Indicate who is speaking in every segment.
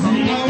Speaker 1: Oh.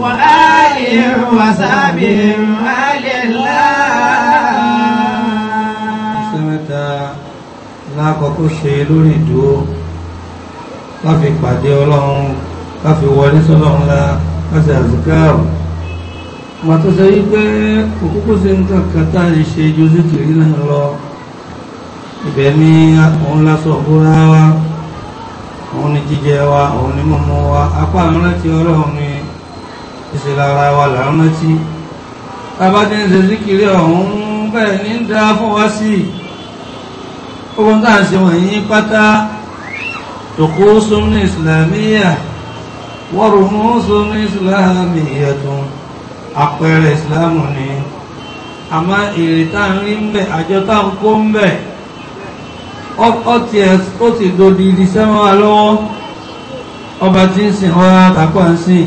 Speaker 2: وآله
Speaker 1: وصحبه وآل الله
Speaker 2: lákọ̀ọ́kọ́ ṣe lórí ìdúró ká fi pàdé ọlọ́run ká fi wọlé sọ́lọ́run la ká sì àzíkáàrù ma tó sọ yí pé òkúkú sí nǹkan kan tá lè ṣe ju síkìrí náà lọ ibẹ̀ ní òun lásọ̀ fúnra wa òun ni jíjẹ wa òun ni mọ́mọ́ wa apá àwọn láti ọlọ́run ni ìṣe lára wa là ń rántí bàbá tí ń ṣe síkiri ọ̀hún bẹ́ẹ̀ ní ń dá fún wa sí ohun tá à ń ṣe wọ̀nyí pátá tòkó sómìnì ìsìlámíyà wọ́rùmú sómìnì ìsìlámíyà tó àpẹẹrẹ ìsìlámù ni àmá èrè tá ń rí mbẹ̀ àjọ tá ń kó mbẹ̀ ó ti dodi ìdísẹ́wọ́n wa ọba tí ń sìn wá tàpá ń sìn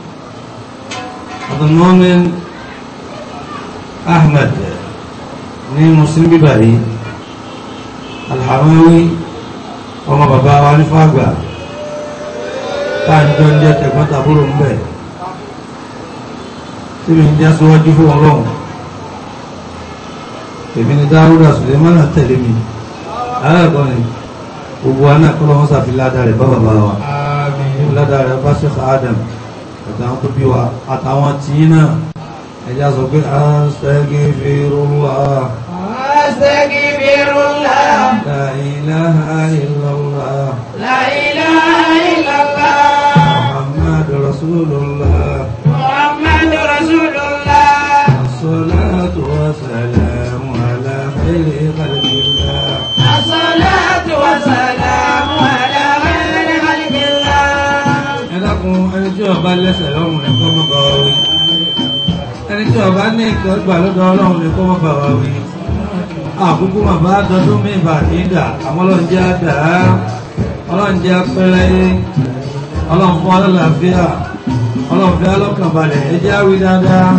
Speaker 2: عبد المؤمن أحمد ní muslim bíbàrí alhamawi ọmọ bàbá wa ní fàgbà táàjọ ń jẹ́ tẹ̀gbọ́ntàbúrò ń bẹ̀ tí mi ń já síwájú fún ọlọ́run èmi ni dáúdà sùlẹ́mánà tẹ̀lé mi aláàkọ́ ni gbogbo anákọ́lọ́wọ́sàfi ládàá rẹ̀ bá bàbá wa ládàá rẹ̀ bá adam àtàwọn tó bí wa àtàwọn tí náà ẹjá sọ pé astaghfirullah
Speaker 1: astaghfirullah
Speaker 2: la ilaha illallah la
Speaker 1: ilaha illallah
Speaker 2: muhammadu rasulullah
Speaker 1: muhammadu rasulullah
Speaker 2: as-salatu wassalamu ala khayri khalqillah
Speaker 1: as-salatu wassalamu
Speaker 2: ọba lẹ́sẹ̀ lọ́rùn rẹ̀ kó má bà wá wí ẹni tí ọba ní nǹkan gbà lọ́dọ̀ ọlọ́run rẹ̀ kó má bà wá wí àkókò bàbá dọdún mi bà ní dà àwọn ọlọ́run jẹ́ àdá ọlọ́run jẹ́ apẹ́rẹ́ ọlọ́run fún ọlọ́làfíà ọlọ́run fẹ́ ọlọ́kànbalẹ̀ ẹ jẹ́ àwí dáadáa.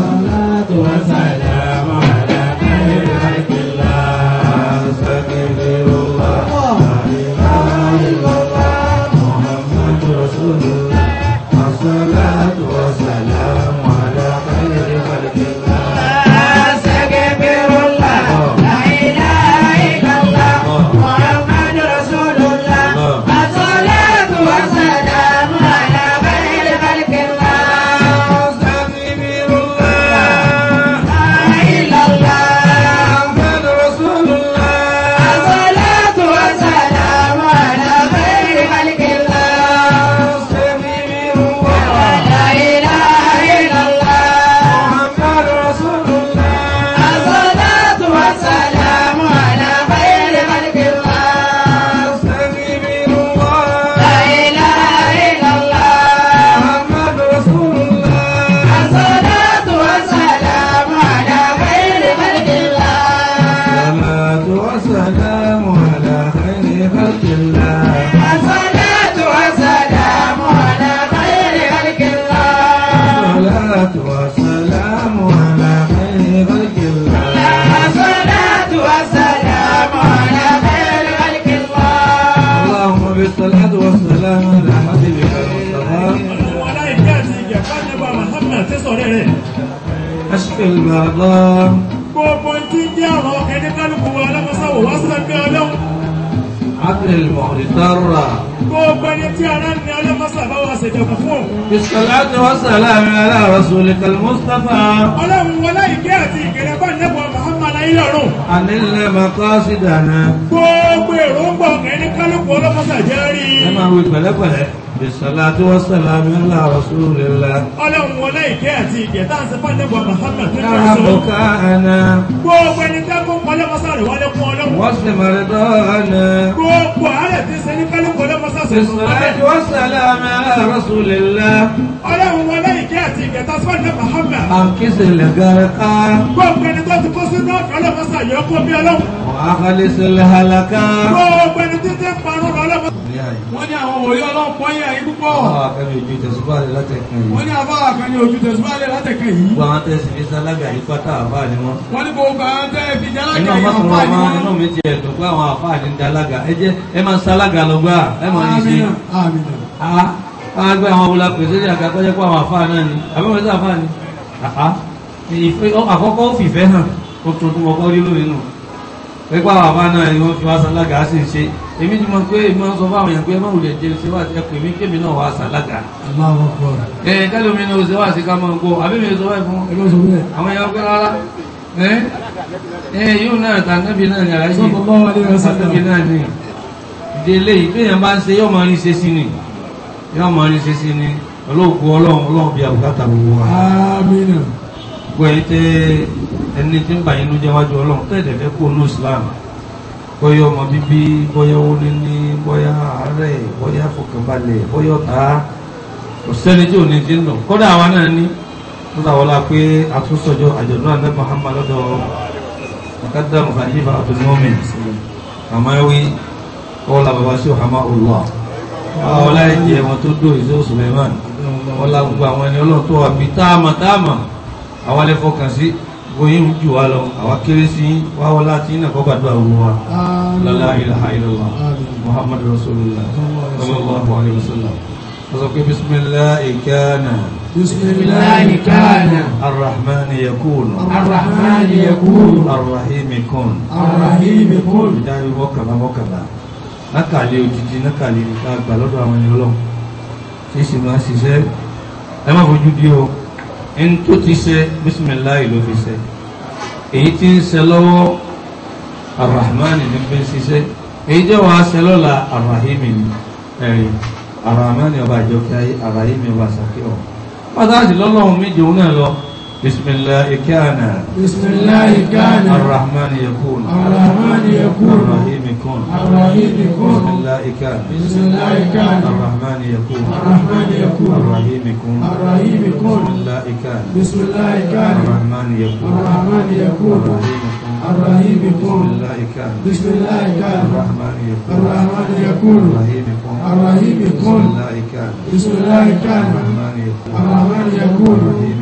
Speaker 2: رسولك المصطفى اللهم
Speaker 3: ولا يكاتي كلابا نبوى محمد أي لرو
Speaker 2: أن إلا مقاصدنا
Speaker 3: gbogbo èròǹgbà ẹni kálukú ọlọ́mọta járí. ẹ máa wí
Speaker 2: pẹ̀lẹ́pẹ̀lẹ́ bisalatu wasalamu ala rasulillah.
Speaker 3: ọlọ́run wọlé ìkẹ́ àti ìkẹ́ tá à ń sẹ́pà nígbà mahamma tó ń bá sọ. yàrá bùkà àná. gbogbo ẹni tẹ́kọ̀ ọlọ́mọta rẹ̀ wọlé fún ọlọ́run. wọ́n sì
Speaker 2: mọ̀rẹ́ dọ́ọ̀nà.
Speaker 3: gbogbo àárẹ̀ ti sẹ́ni kálukú ọlọ́mọta sọ̀rọ̀. bisalatu wasalamu ala
Speaker 2: rasulillah.
Speaker 3: ọlọ́run wọlé àti ìgbẹ̀ta sọ́ọ̀nù Muhammad.
Speaker 2: àkísè lè gàrẹ́ ká.
Speaker 3: gbogbo ẹni tó ti kó sínú ọ̀fẹ́ ọlọ́mọsà yọ kó bí ọlọ́mọ.
Speaker 2: àkàlẹ́sẹ̀ lè halaka.
Speaker 3: gbogbo ẹni tó ti parọ́ ọlọ́mọ. wọ́n ní àwọn wòlíì ọlọ́run pọ́yìn ẹ̀yìn púpọ̀.
Speaker 2: àwọn akẹ́ni ojú tẹ̀síwájú látẹ̀kẹ́ yìí. wọ́n ní
Speaker 3: àwọn akẹ́ni ojú tẹ̀síwájú látẹ̀kẹ́ yìí. gbogbo
Speaker 2: àwọn tẹ̀sí fi sálágà yìí pátá àbá ni wọ́n.
Speaker 3: wọ́n ní gbogbo àwọn tẹ̀sí fi sálágà yìí pátá ni wọ́n.
Speaker 2: inú mi ti ẹ̀dùn pé àwọn àfáà ní dálága ẹ jẹ́ ẹ máa sálága lọ ẹ máa ń ṣe. àmín ah àwọn agbẹ́ àwọn ọmọlá pèsè ní àga tọ́jẹ́ pé àwọn àfáà náà ni àbẹ́wọ̀n sí àfáà ni àá àkọ́kọ́ ó fìfẹ́ hàn ó tó tún ọkọ́ rí lónìí nù pẹ́pẹ́ àwọn àfáà náà ni wọ́n fi wá sálága á sì ń ṣe èmi ti mọ pé èmi sọ fún àwọn èèyàn pé máwùlẹ̀ jẹ ṣe wà sí ẹkùn èmi kémi náà wà sálága. ẹ kẹlòmí ni o ṣe wà sí ká máa gbọ́ àbí mi sọ báyìí fún àwọn èèyàn pé rárá ẹ yóò náà tàǹdẹ́bì náà ni àlàyé tàǹdẹ́bì náà ni ìdílé ìgbéyàn bá yóò mọ ní sísí ni olóògùn ọlọ́run ọlọ́run bíi àbùkátà gbogbo wa. amínà. gbogbo ẹ̀yin tẹ ẹni tí ń bà yín lójẹ́ wájú ọlọ́run tẹ̀lé fẹ́ kó ní islam bóyá ọmọ bíbí bóyá owó níní bóyá àárẹ̀ bóyá fọkànbalẹ̀ bóyá ọ̀tá kò sẹ́ni tí ò ní ti ń lọ kódà àwa náà ní nígbà wọlá pé àtúnṣọjọ àjọ̀dún àná Muhammad lọ́dọ̀ ọ̀kadà mùsàlífà àtúnmọ́mì àmọ́ ẹ̀wí ọ̀là bàbá ọlá ìjẹ wọn tó dó ìṣó Suleiman ọlá gbogbo àwọn ẹni ọlọ́tọ́ àbí táàmà táàmà àwọn alẹ́fọ́ kàn sí gbóyìn jù wá lọ àwọn kéré sí wá ọlá tí náà kọ́ gbàdúrà wọn wa lálá ilaha illallah muhammadu rasulullah sallallahu alaihi wasallam sọ pé bisimilahi kana bisimilahi kana arrahmani yakunu arrahmani yakunu arrahimi kun arrahimi kun ìdájọ́ mọ́kànlá mọ́kànlá nákàlẹ̀ òjijì nákàlẹ̀ nípa àgbà lọ́dọ̀ àwọn ènìyàn lọ tí sì máa ṣiṣẹ́ ẹ má fojú dí o ẹni tó ti ṣe bísímìláì ló fi ṣe èyí tí ń ṣe lọ́wọ́ arahmani ní bí ń ṣiṣẹ́ èyí jẹ́ wàá ṣe lọ́la arahimi ni ẹ̀rí arahmani ọba àjọkẹ́ ayé arahimi ọba àṣàkẹ́ ọ̀ pátá àti lọ́lọ́run méje òun náà lọ بسم الله كان بسم الله كان الرحمن يكون الرحمن يكون الرحيم يكون الرحيم يكون بسم الله كان بسم الله كان الرحمن يكون الرحمن يكون الرحيم يكون الرحيم يكون بسم الله كان بسم الله كان الرحمن يكون الرحمن يكون الرحيم يكون الرحيم يكون بسم الله كان بسم الله كان الرحمن يكون الرحمن يكون الرحيم يكون الرحيم يكون بسم الله كان بسم الله كان الرحمن يكون الرحمن
Speaker 3: يكون الرحيم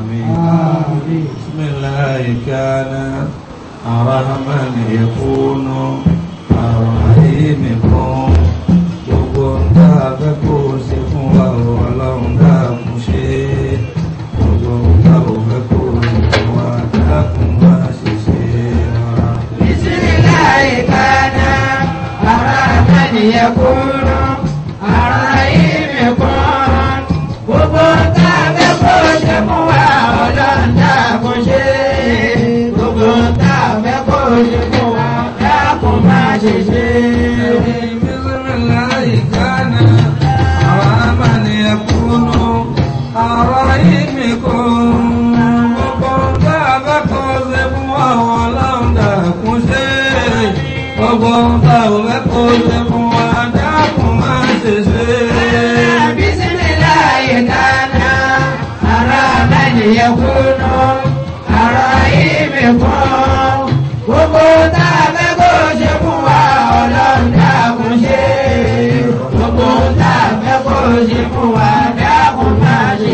Speaker 2: بسم الله كان رحما يكون الرحيم كن gbogbo ńdá akẹ́kọ̀ọ́ ṣe fún wa ọlọ́run dá mú ṣe fún wa dákun má ṣe ṣe.
Speaker 1: ara nàìjíríà kúnú ara ìmì kan gbogbo tá a fẹ́ kó ṣe fún wa ọlọ́run dákun ṣe gbogbo tá a fẹ́ kó ṣe fún wa dákun má ṣe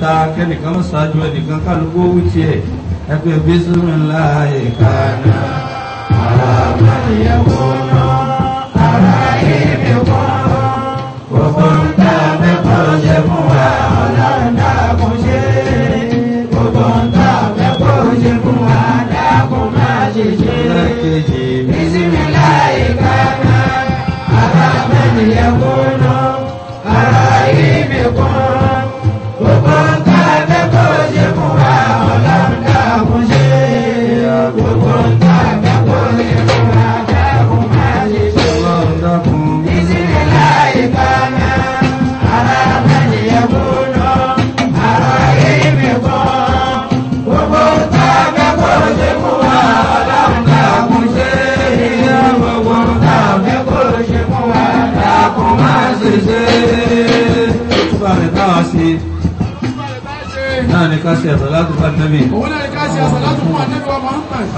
Speaker 2: ṣáájú ẹnìkan kálukú wú tiẹ̀ ẹ pé bísímìláyè dáná. Yeah, kó ná ara yìí kò má ṣe ṣe túbà rẹ̀ bá wa ká ṣe àsàlátù fún ànábì. òun náà ni ká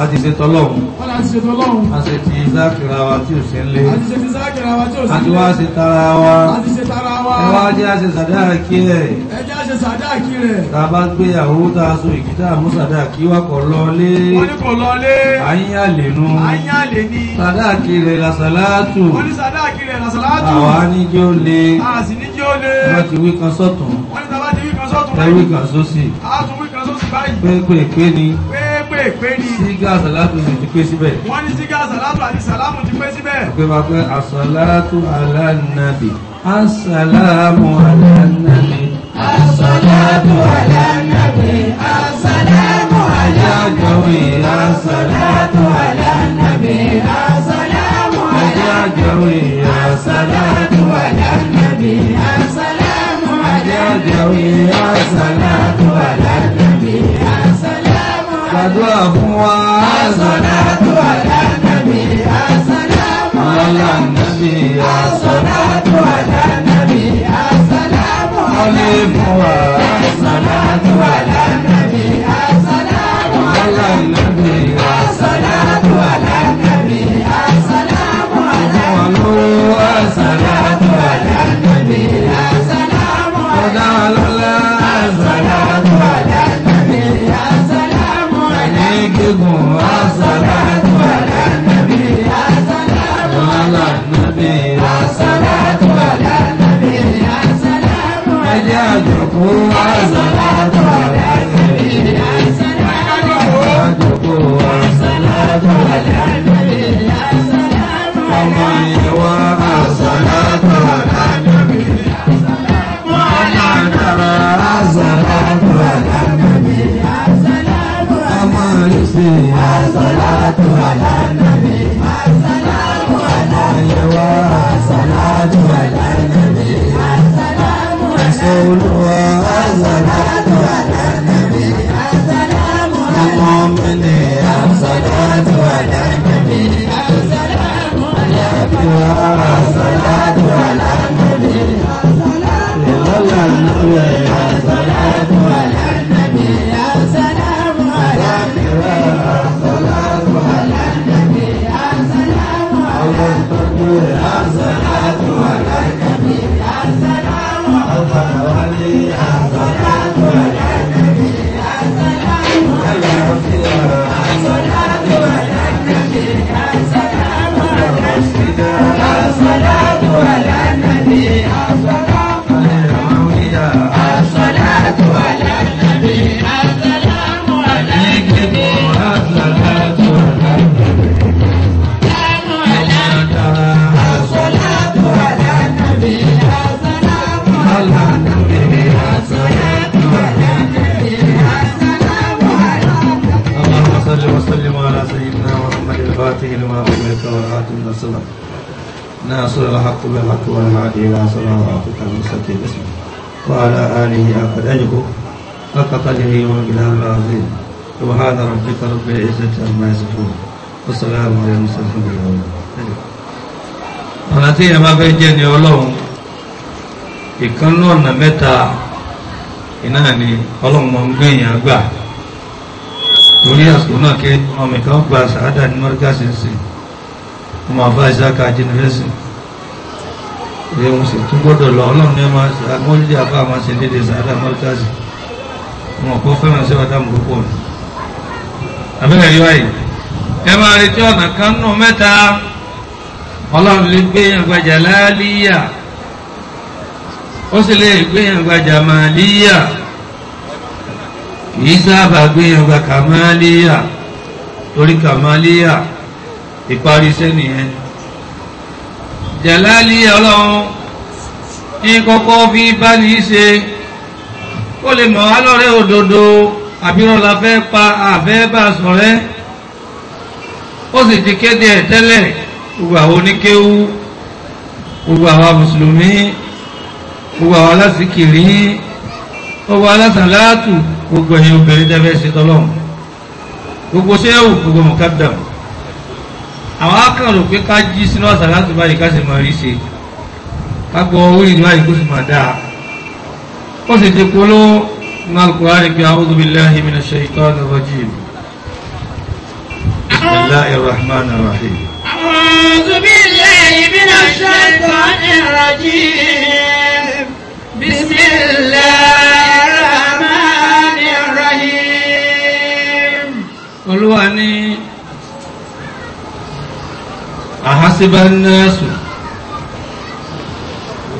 Speaker 2: a ti ṣe tọlọ́hún.
Speaker 3: wọ́n láti ṣe tọlọ́hún. a
Speaker 2: ṣe ti zákìrà wa tí ò ṣe ń lé. a ti
Speaker 3: ṣe ti zákìrà wa tí ò ṣe ń lé. a ti wá ṣe tara wa. a ti ṣe
Speaker 1: tara wa. ẹ wá
Speaker 2: jẹ́ àṣẹ sàdáàkì ẹ̀.
Speaker 1: ẹ jẹ́ àṣẹ sàdáàkì rẹ̀.
Speaker 2: tá a bá gbé àwòrán tá
Speaker 1: a so bẹ̀rẹ̀ sàlátù. àwa
Speaker 2: ní jẹ́ ó lé. a
Speaker 3: sì ní jẹ́ ó lé.
Speaker 2: wọ́n ti wí kan sọ́tún.
Speaker 3: wọ́n ní tàbá ti wí kan
Speaker 2: sọ́tún. ẹ wí kan sósì.
Speaker 3: a tún wí kan sósì báyìí.
Speaker 2: pépèpé ni.
Speaker 3: pépèpé
Speaker 2: ni. sígá sàlátù sì ti pé síbẹ̀.
Speaker 3: wọ́n ní sígá sàlátù àti sàlámù ti pé
Speaker 2: síbẹ̀. àpè máa pẹ́ àsàlátù alánàbì. àsàlámù alánàbì.
Speaker 3: àsàlátù alánàbì.
Speaker 1: àsàlámù alánàbì. àsàlátù alánàbì. الجوي الصلاة على النبي السلام على الجوي الصلاة على النبي السلام قد هو الصلاة على النبي السلام على النبي الصلاة على النبي السلام عليه الصلاة على النبي السلام على النبي عليكم الصلاة على النبي الصلاة على النبي
Speaker 2: حق والهادي إلى صراطك المستقيم وعلى آله أقد أجبه حق قدره ومقدار العظيم سبحان ربك رب العزة عما يصفون والسلام على المرسلين ọ̀nà tí ẹ̀má fẹ́ jẹ́ ni ọlọ́run ìkánú ọ̀nà mẹ́ta iná ni ọlọ́run mọ́ ń gbẹ̀yìn àgbà torí àsìkò náà kí ọmọ ìkan gba sàádà ní mọ́ríkà sí ìrẹ̀wọ̀n sì tún gbọ́dọ̀ lọ ọlọ́run ní máa ṣe agbọ́nlé àbá máa ṣe dédé sàádà mọ́lítàsì wọn kò fẹ́ràn sí ọ̀dà púpọ̀ ni. àbẹ́rẹ́ rí wáyé ẹ máa retí ọ̀nà kan nù mẹ́ta ọlọ́run lè gbé yàn gbajà láàlíyà ó sì lè gbé yàn gbajà màlíyà kìí sábà gbé yàn kàmáàlíyà torí kàmáàlíyà ìparí sẹ́niyẹn jàlálí ọlọ́run ní kọ́kọ́ fi bá ní í ṣe kó lè mọ̀ wá lọ́rẹ́ òdodo àbíràn la fẹ́ pa àfẹ́ bá sọ̀rẹ́ ó sì ti kéde ẹ̀ tẹ́lẹ̀ gbogbo àwọn oníkéwú gbogbo àwọn mùsùlùmí gbogbo àwọn alásìkìrí gbogbo alásàlátù gbogbo ẹ̀yin obìnrin tẹ́fẹ́ ṣe tọ́lọ́run gbogbo ṣéwù gbogbo mùkádàmù àwọn akàn rò pé ká jí sínú ọ̀sán láti báyìí ká sì máa rí ṣe ká gbọ́ orí ìlú àyíkó sì máa dáa ó sì ti kúló ní alukùránì pé
Speaker 3: rajim
Speaker 1: bismillahir rahmanir
Speaker 2: rahim olúwa ní أحسب الناس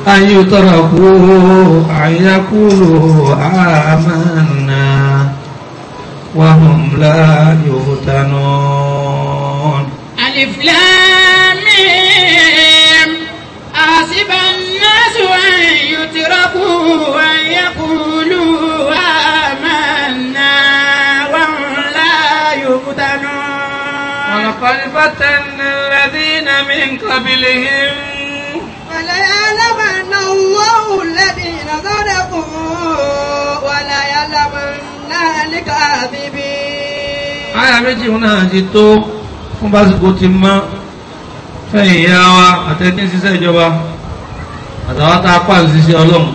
Speaker 2: أن يتركوا أن يقولوا آمنا وهم لا يفتنون
Speaker 1: ألف لام أحسب الناس أن يتركوا أن يقولوا آمنا وهم لا يفتنون ولقد فتنا
Speaker 2: من قبلهم
Speaker 1: وليعلمن الله الذين صدقوا وليعلمن الكاذبين
Speaker 2: àyà méjì náà ti tó fún básìkò ti mọ́ fẹ́yìn ìyá wa àtẹ́tí ń ṣiṣẹ́ ìjọba àtàwọn tá a pa ń ṣiṣẹ́ ọlọ́run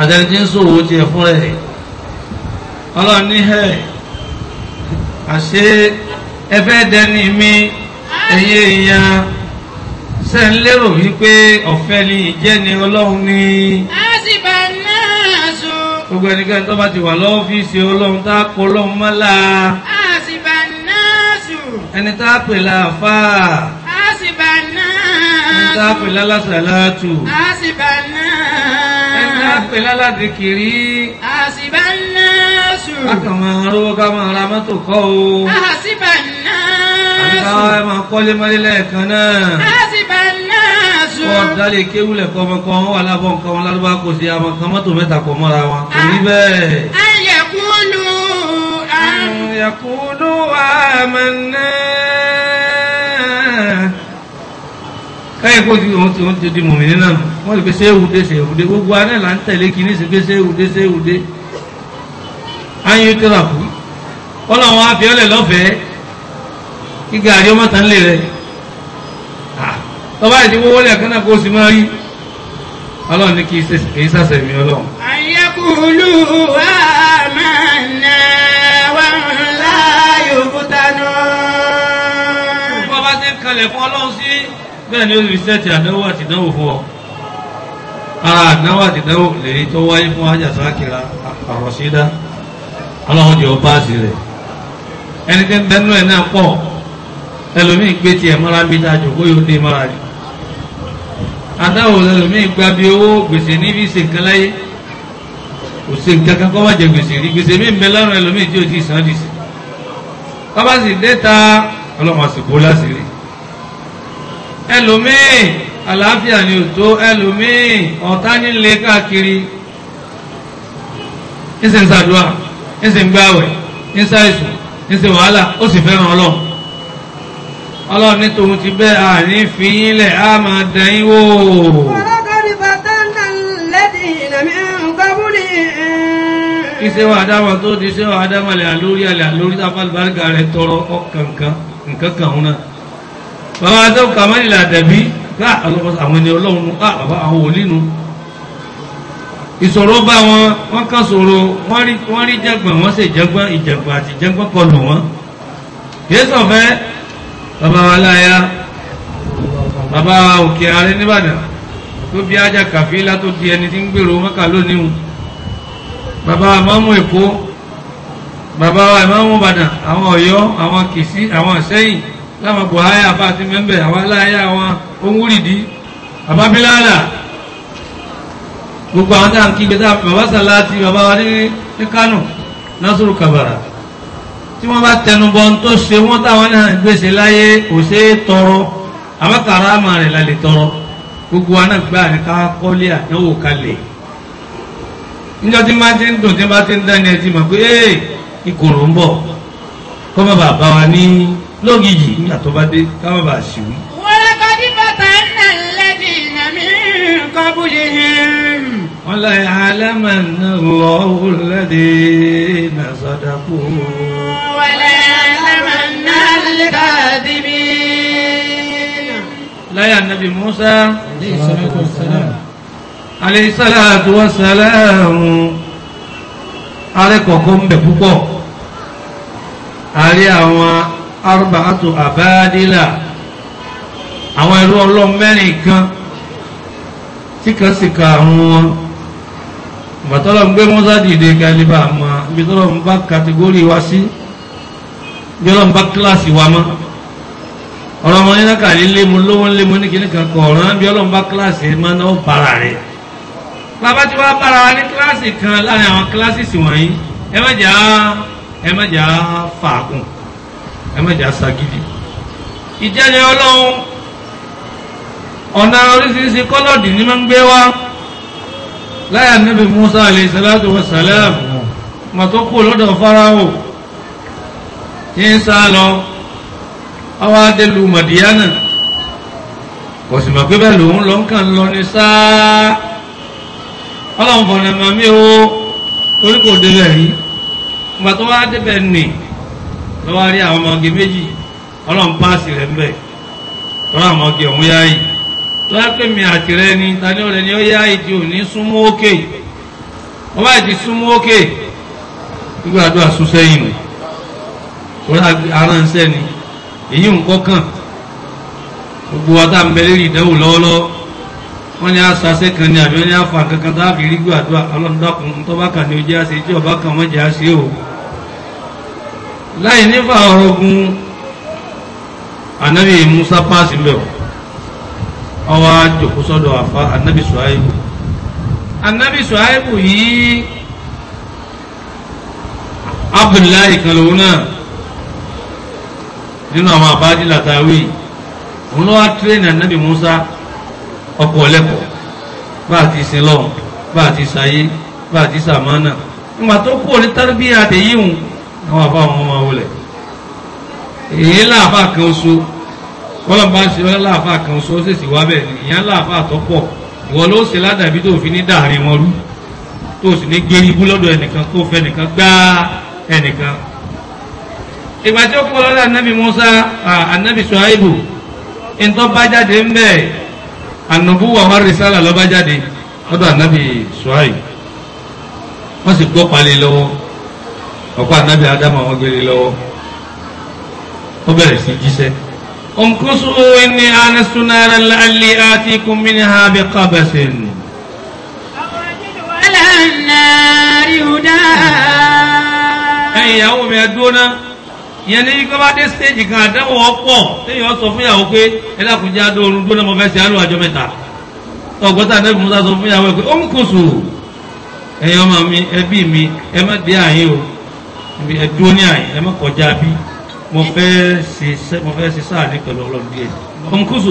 Speaker 2: àtẹ́ni tí ń ṣòwò tiẹ̀ fún rẹ̀ ọlọ́run ní ẹ̀ àṣé ẹ dẹni mi ẹ̀yin èèyàn ṣe ń lérò wípé ọ̀fẹ́ ni ìjẹ́ni ọlọ́run ni.
Speaker 1: a sì bá náà sọ.
Speaker 2: gbogbo ẹnikẹ́ni tó bá ti wà lọ́fíìsì ọlọ́run tá a kọ ọlọ́run mọ́lá.
Speaker 1: a sì bá náà sọ.
Speaker 2: ẹni tá a pè láàfà.
Speaker 1: a sì bá náà sọ. ẹni tá a pè
Speaker 2: lálásàlátù.
Speaker 1: a sì bá náà. ẹni tá a pè
Speaker 2: láládìkìrí.
Speaker 1: a sì bá náà sọ. a kàn
Speaker 2: máa rówó ká máa ra mọ́tò kọ́ o.
Speaker 1: a sì bá náà náà máa
Speaker 2: kọ́lé mọ́lé lẹ́ẹ̀kan náà.
Speaker 1: hasiba nnasu. wọ́n
Speaker 2: dalẹ̀ kéwulẹ̀ kọ́mọkọ́ wọn wà lábọ̀ nǹkan wọn lálùbá kò sí àwọn kan mọ́tò mẹ́ta kọ́ mọ́ra wọn. kò rí ah. bẹ́ẹ̀.
Speaker 1: ayakulu
Speaker 2: ayakulu amanna. káyọ̀ kó ti ohun tí wọ́n ti di mọ̀mí nínú wọ́n ti pé ṣé ewúde ṣe ewúde gbogbo alẹ́ là ń tẹ̀lé kí ní ṣe pé ṣé ewúde ṣé ewúde. ayé tó rà kú ọlọ́run á igi àrí ọmọ tán lè rẹ tọ́ba ìdí wọ́wọ́ lẹ́ẹ̀kan náà kó o sì máa rí ọlọ́run ní kí n sàṣẹ̀ mi ọlọ́run.
Speaker 1: àyẹ̀kùlù wà máa nà wà ńlá yòókùtà náà. bọ́ bá ti ń
Speaker 2: kalẹ̀ fún ọlọ́run sí bẹ́ẹ̀ ni ó rí sẹ́ẹ̀tì àdánwò àti ìdánwò fún ọ. àdánwò àti ìdánwò lèyí tó wáyé fún ajásàkìlá àròsídá ọlọ́run jẹ́ ọ báàsì rẹ̀ ẹni tí ń bẹ́ẹ̀ náà pọ̀ ẹlòmíì gbé tiẹ̀ mọ́ra bí dájò kó yóò dé mọ́ra rẹ̀ adáwò ẹlòmíì gba bí owó gbèsè níbi ìsèǹkan láyé kò sí nǹkan kọ́ wájẹ gbèsè rí gbèsè mí ń bẹ lọ́rùn ẹlòmíì tí ò tí ì san dìsí bábá sì déta ọlọ́mọ àsìkò láṣìírí ẹlòmíì àlàáfíà ni ò tó ẹlòmíì ọ̀tá nílé káàkiri ń ṣe ń ṣàdúrà ń ṣe ń gbààwẹ̀ ń ṣàìsùn ń ṣe wàhálà ó sì fẹ́ràn ọlọ́run ọlọ́run ní tòun ti bẹ́ẹ̀ àní fi yín lẹ̀ á máa dán yín wò. kí ṣé wà dáwà tó ti ṣé wà dáwà lẹ̀ àlórí àlẹ̀ àlórí tábàlùbáríkà rẹ̀ tọrọ ọkànkan nǹkan kan òun náà. bàbá tó kà mọ́ ìlà dẹ̀bí ká àwọn ènìyàn ọlọ́run nu ká bàbá àwọn òlì nu. ìṣòro bá wọn wọn kàn ṣòro wọn rí jẹgbọn wọn sì jẹgbọn ìjẹgbọn àti jẹgbọn kọlù wọn. yéésù ọ̀fẹ́ bàbá wa láyà bàbá wa òkè ààrẹ nìbàdàn tó bí ajá kàfílà tó di ẹni tí ń gbèrò mọ́kà lónìí hùn bàbá wa máa mú èkó bàbá wa máa mú bàdàn àwọn ọ̀yọ́ àwọn kìsí àwọn sẹ́yìn láwọn buhari àfáàtì mẹ́mbẹ̀ àwọn aláyà àwọn ohunwúrìdí àbábíláàdà gbogbo àwọn táǹkì gbé táàpì bàbá sàláàtì bàbá wa ní kánò násòrò kàbàrà tí wọ́n bá tẹnubọ tó ṣe wọ́n táwọn náà gbèsè láyé kò ṣe é tọrọ àmọ́ kàrámà rẹ̀ la lè tọrọ gbogbo wa náà gbà ní ká kọ́lé àdánwò kalẹ̀ níjọ́ tí máa ti ń dùn tí máa ti ń dání ẹ ti mọ̀ pé ee ìkòrò ń bọ̀ kọ́ má bàa bá wa ní lógìjì nígbà tó bá dé ká má bàa ṣì wí.
Speaker 1: wọ́n kọ́ ní bàtà ńlá lẹ́bi ìnàmí nǹkan búlé hẹ́m.
Speaker 2: wọ́n lọ yà á lẹ́mọ̀ lọ́wọ́ lẹ́dẹ̀ẹ́ nà sọ́dọ̀ kú.
Speaker 1: بكاذبين
Speaker 2: لا النبي موسى عليه الصلاة والسلام عليه الصلاة والسلام alẹ́kọ̀ọ́kọ́ ń bẹ àwọn arba'atu àbáadílà àwọn ẹ̀rú ọlọ́run mẹ́rin kan tí kan sì ka àrùn wọn bàtọ́lọ́ ń gbé mọ́sá dìde kẹlẹ́bà mọ́ ibi tọ́lọ́ ń bá kàtégórì wá sí bí ọlọ́run bá kíláàsì wa mọ́ ọ̀rọ̀ ọmọ yẹn kàlí lému lówó lému ní kíní kan kọ̀ ọ̀ràn bí ọlọ́run bá kíláàsì máa náwó bára rẹ̀ bàbá tí wàá bára ní kíláàsì kan láàrin àwọn kíláàsì wọ̀nyí ẹ má jà á ẹ má jà á fàákùn ẹ má jà á sagidi ìjẹ́ni ọlọ́run ọ̀nà oríṣiríṣi kọ́lọ́dì ní máa ń gbé wá láyà Nábì Mùsá alayhi salatu wa salam mọ̀ kú lọ́dọ̀ Fáráò ń sá lọ ọwọ́ adélu mọ̀díyánà kò sì mọ̀ pé bẹ́ẹ̀ lòun lọ ń kàn lọ ní sáá ọlọ́run fọ̀nà màmí o torí kò débẹ̀ rí ìgbà tó wá débẹ̀ nì lọ́wọ́ rí àwọn ọmọge méjì ọlọ́run páàsì rẹ̀ ń bẹ̀ tọ́lá ọmọge ọ̀hún yáyì tó wá pè mí àti rẹ ni tani ọ̀rẹ́ ni ó yáyì tí ò ní súnmọ́ òkè ọba ìdí súnmọ́ òkè nígbà àdúrà sún sẹ́yìn nù wọ́n aránṣẹ́ ni èyí ń kọ́kàn gbogbo wa tá à ń bẹ lérí ìdánwò lọ́wọ́lọ́wọ́ wọ́n ní àṣàṣe kan ní àbí wọ́n ní àfà kankan tá a fi rí gbàdúrà ọlọ́run dákun tó bá kà ní ojú àṣẹ tí ọba kan wọ́n jẹ́ àṣẹ o láì nífà ọ̀rọ̀ ogun ànábì Musa páàsì mbẹ́ o ọwọ́ àjòkó sọ́dọ̀ àfa ànábì Suhaibu ànábì Suhaibu yìí Abdullahi kan lòun náà nínú àwọn àbájí làtàwí òun ló wá tírẹ́nì ànábì Musa ọkọ̀ ọlẹ́kọ̀ọ́ bá àti sin lọ́hùn bá àti sayé bá àti sàmánà nígbà tó kú òní tábí àtẹ̀yíhùn àwọn àbá àwọn ọmọ wọlé èyí láàfà kan so wọ́n lọ́ba ṣe wọ́n láàfà kan so ó sì sì wá bẹ́ẹ̀ ni ìyá láàfà tó pọ̀ ìwọ ló ṣe ládàbí tó fi ní dàárín wọn rú tó sì ní gbérí bú lọ́dọ̀ ẹnìkan kó fẹ́ nìkan gbá ẹnìkan ìgbà tí ó kú lọ́dọ̀ anabi musa anabi suhaibu ntọ́ bá jáde ń bẹ̀ ànàbú wàhán rìsálà lọ́ba jáde lọ́dọ̀ anabi suhaibu wọ́n sì gbọ́ palẹ̀ lọ́wọ́ ọ̀pọ̀ anabi adamu àwọn gbélé lọ́wọ́ ó bẹ̀rẹ̀ sí jíṣẹ́. انكسوا إني آنست نارا لعلي آتيكم منها بقبس
Speaker 1: وعلى النار هدى
Speaker 2: أي يوم يدونا ìyẹn ní kí bá dé stage kan àdánwò ọ̀pọ̀ téèyàn sọ fún ìyàwó pé ẹ dákun jẹ́ adó orun gbóná mo fẹ́ ṣe àlọ́ àjọ mẹ́ta ọ̀gbọ́tà nẹ́bí musa sọ fún ìyàwó pé ó ń kùsù ẹ̀yin ọmọ mi ẹbí mi ẹ má dé àyín o ẹ dúró ní àyín ẹ má kọjá bí mo fẹ́ ṣe sáà ní pẹ̀lú ọlọ́run díẹ̀ ó ń kùsù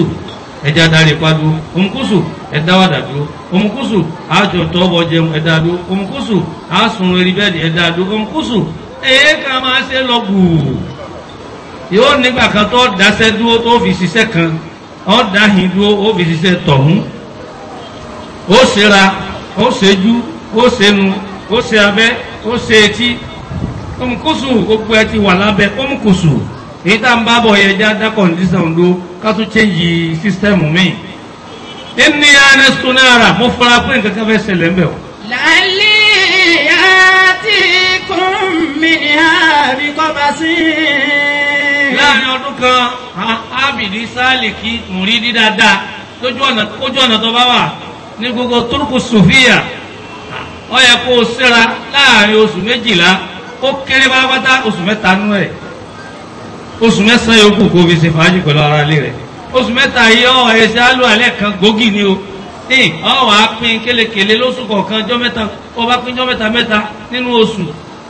Speaker 2: ẹjẹ adarí ipa dúró omukusu ẹdáwàdà dúró omukusu àjọ tọwọ jẹun ẹdá dúró omukusu àsùn eribẹẹdì ẹdá dúró omukusu èé ká máa ṣe lọ gbùù yóò nígbà kan tó dáṣẹ́ dúró tó fi ṣiṣẹ́ kan ó dáhìn dúró ó fi ṣiṣẹ́ tọ̀hún ó ṣera ó ṣejú ó ṣenu ó ṣe abẹ́ ó ṣe etí omukusu gbogbo ẹ ti wà lábẹ́ omukusu èyí tá n bá bọ̀ yẹ já dá kọ̀ǹdíṣàn ló ká tún chéǹjì sísítẹ́ẹ̀mù míì ẹni anẹ́sítọ́nà ara mo fara pé nǹkan kan fẹ́ ṣẹlẹ̀ ń bẹ̀ o.
Speaker 1: lálẹ́ àti. لكم منها بقبس láàrin
Speaker 2: ọdún kan ábìdí sálìkì mùrídí dáadáa lójú ọ̀nà kójú ọ̀nà tó bá wà ní gbogbo turku sofia ó yẹ kó o síra láàrin oṣù méjìlá ó kéré pátápátá oṣù mẹ́ta nú ẹ̀ oṣù mẹ́sàn-án yòókù kó fi ṣe fàájì pẹ̀lú ara ilé rẹ̀ oṣù mẹ́ta yìí ọ̀ ẹ̀ṣẹ́ á lò àlẹ́ kan gógì ni o ní ọ̀ wàá pín kélekèle lóṣù kọ̀ọ̀kan jọ́ mẹ́ta ó bá pín jọ́ mẹ́ta mẹ́ta nínú oṣù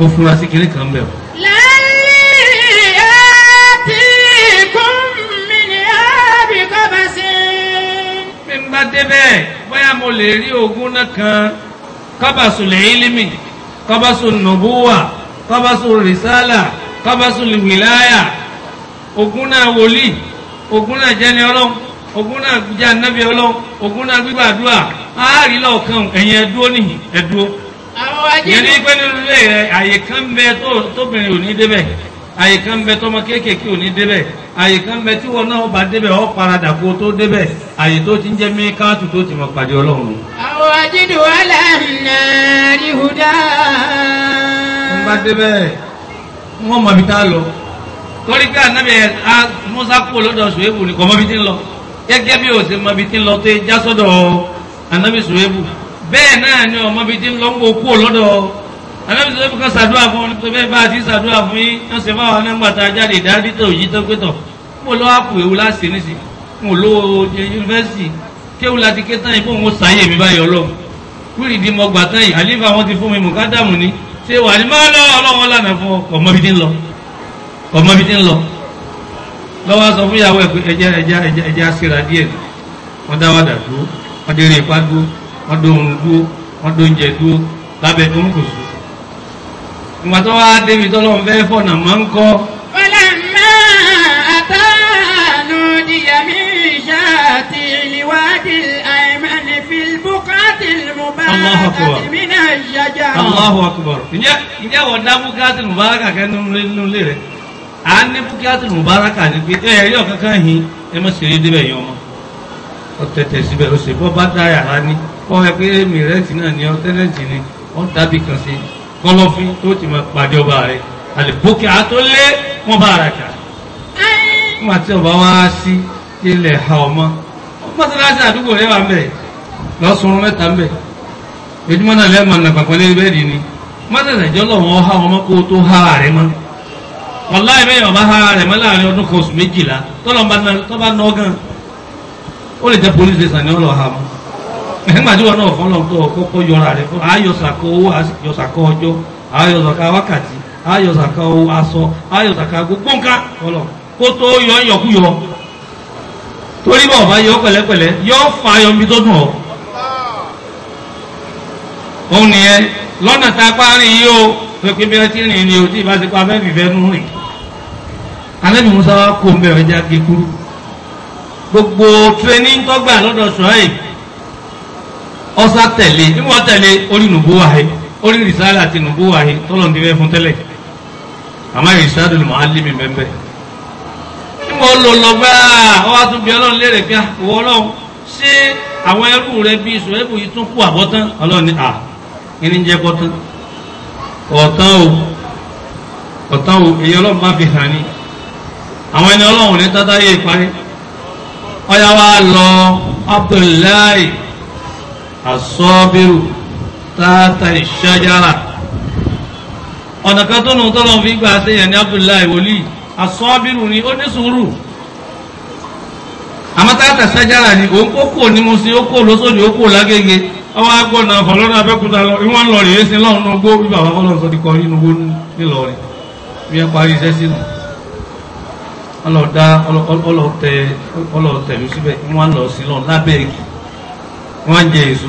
Speaker 2: ó fún wa sí kinní kan bẹ̀.
Speaker 1: lẹ́yìn àti
Speaker 2: kúnmi ni àbí kọ́ba sí. mi ń bá débẹ̀ bóyá mo lè rí ogún náà kan kọ́bàṣù lẹ́yìnlímì kọ́bàṣù nùbúwà kọ́bàṣù rìsálà kọ́bàṣù wìláyà ogún náà wòlíì ogún náà jẹ́ni ọlọ́run ogún náà jẹ́ anábì ọlọ́run ogún náà gbígbàdúrà áàrí lọ́ọ̀kan ẹ̀yìn ẹ̀dúró nìyí ẹ̀dúró
Speaker 1: yẹn ní pẹ́ nínú ilé rẹ
Speaker 2: àyè kan bẹ tóbìnrin ò ní débẹ̀ àyè kan bẹ tọmọ kéékèèké ò ní débẹ̀ àyè kan bẹ tí wọn náà bá débẹ̀ ọ paradà kó tó débẹ̀ àyè tó ti ń jẹ́ mí káàtù tó ti mọ̀ pàdé ọlọ́run.
Speaker 1: àwọn ajínigbé wà lẹ́nu ìhùdá.
Speaker 2: n bá débẹ̀ wọ́n mọ̀ bí tá a lọ torí pé ànábì musa kú lọ́dọ̀ sùwébù ni kò mọ̀ bí ti lọ gẹ́gẹ́ bí o ṣe mọ̀ bí ti lọ tó já sọ́dọ̀ ànábì sùwébù bẹ́ẹ̀ náà ni ọmọ bíi ti ń lọ ń wo kúrò lọ́dọ̀ anábì sọ fún kan ṣàdúrà fún wọn pé bẹ́ẹ̀ bá a ti ṣàdúrà fún yín wọ́n ṣe fáwọn anágbàtà jáde ìdádítọ̀ òyì tó pé mo lọ́wọ́ àpò ewu láti níṣì mo lówó yunifásitì kéwu láti ké tán yìí fún òun sáyè mi báyọ̀ lọ wíìrì di mọ gbà tán yìí àlífà wọn ti fún mi mùkádàmù ni ṣé wà ní máa lọ ọlọ́wọ́n lànà fún ọmọ bíi ti ń lọ ọmọ bíi ti ń lọ lọ́wọ́ sọ fún ìyàwó ẹ̀ pé ẹja ẹja ẹja ẹja síra díẹ̀ wọ́n dáwọ́ dà dúró wọ́n wọ́n dó oorun dúró wọ́n dó oúnjẹ dúró lábẹ́ tó ń kò sùn. ìgbà tó wá débi tọ́lọ́run fẹ́ fọ̀nà máa ń kọ́.
Speaker 1: wọ́lá máa àtàánú dìyàmí ṣáàtì ìwádìí àìmọ́ni fìlbùkátì mùbárakàtì mínà ìyájà. Allahu
Speaker 2: akbar ǹjẹ́ ǹjẹ́ wọ́n dá bùkátì mùbáraka kẹ́ nínú ilé rẹ̀ à ń ní bùkátì mùbáraka ní pé ẹ̀ẹ́rì yìí ẹ má ṣeré débẹ̀ yẹn ọmọ ọ̀tẹ̀tẹ̀ síbẹ̀ ó ṣe bọ́ bá dáyà rá ní kọ́ ẹ pé mìrẹ́tì náà ni ọ́tẹ́lẹ̀tì ni wọ́n tàbí kan sí kọ́lọ́fín tó ti máa pàdé ọba rẹ̀ àlèbókè àtólé wọ́n bá ara jà nígbà tí ọba wá sí ilẹ̀ ha ọmọ mọ́sálásí àdúgbò rẹ̀ wà mẹ́ẹ̀ lọ́sùnrún mẹ́ta mẹ́ẹ̀ ojúmọ́ náà lẹ́ẹ̀mọ́ nàpàpọ̀lẹ́ bẹ́ẹ̀dì ni mọ́sálásí ìjọ́ lọ́wọ́ ha ọmọ kó tó ha rẹ̀ mọ́ wàláì bẹ́ẹ̀ ọba ha rẹ̀ mọ́ láàrin ọdún kan oṣù méjìlá tọ́lọ́ bá ná ọgán ó lè jẹ́ police station ni ó lọ ha mọ́ nígbà tí wọn náà fọ́n lọ́n tó kọ́kọ́ yọra rẹ̀ fún ayọ̀sàkọ owó ayọ̀sàkọ ọjọ́ ayọ̀sàkọ wákàtí ayọ̀sàkọ aṣọ ayọ̀sàkọ gbogbo nǹkan ọlọ kó tó yọ yọkúyọ torí bá ọba yọ pẹ̀lẹ́pẹ̀lẹ́ yọ fà yọ níbi tó dùn ọ. òun nìyẹn lọ́nà tá a pa rìn yìí o pẹ̀pẹ́ bí wọ́n ti rìn ni o tí ìbá ti pa fẹ́ẹ́ fìfẹ́ nù rìn. alẹ́bí musa wa kó ń bẹ̀rẹ̀ já gekuru gbogbo training tọ́gbà lọ́dọ̀ sọ̀rọ̀ yìí ọsá tẹ̀lé níwọ̀n tẹ̀lé orí nùbúwàhí orí rìsáàlì àti nùbúwàhí tọ́lọ̀ ní fẹ́ fún tẹ́lẹ̀ àmọ́ ìrìsáàlì ló máa ń lé mi mẹ́mẹ́ níwọ̀n lò lọ bá ọ wá tún bí ọlọ́run léèrè pé ìwọ ọlọ́run ṣé àwọn ẹrú rẹ bí sọ ẹbù yìí tún kú àbọ̀tán ọlọ́run à kí ni jẹ́ bọ́tán ọ̀tán o ọ̀tán o èyí ọlọ́run má fi hàn ní àwọn ẹni ọlọ́run ní tátá yé ìparí ọyá wa lọ Abdullahi asọ́bírù táàtà ìṣájára ọ̀nà kan tó nù tọ́lọ́ fi gbà sẹ́yìn ní Abdullahi wòlíì asọ́bírù ni ó ní sùúrù àmọ́ táàtà ìṣájára ni òun kó kò ní mo sí ó kò lóṣòdì ó kò lágége ọwọ́ agbọ́nà fọlọ́nà abẹ́kúta lọ ìwọ́n lọ rèé sí lọ́run náà gbó bí bàbá fọlọ́n sọ ti kọrí inú gbó nílọrin bí ẹ parí iṣẹ́ sínú ọlọ́ọ̀dá ọlọ́ọ̀tẹ̀ ọlọ́ọ̀tẹ̀ mi síbẹ̀ ìwọ́n lọ sí lọ́run lábẹ́ igi wọ́n ń jẹ èso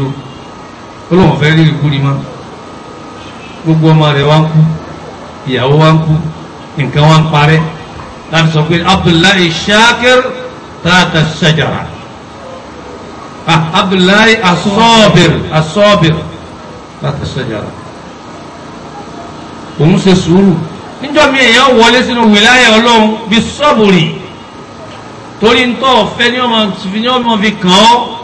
Speaker 2: ó lóun fẹ́ rí ìkúri mọ́ gbogbo ọmọ rẹ̀ wá ń kú ìyàwó wá ń kú nǹkan wá ń parẹ́ láti sọ pé Abdullahi Shakir tààtà ṣàjàrà ah, Abdullahi asọ́ọ̀bìr asọ́ọ̀bìr tààtà ṣàjàrà òun ṣe sùúrù níjọ́ mi èèyàn wọlé sínú wìláyà ọlọ́run bí sọ́bùrì torí ń tọ́ ọ̀fẹ́ ní ọmọ fi kàn ọ́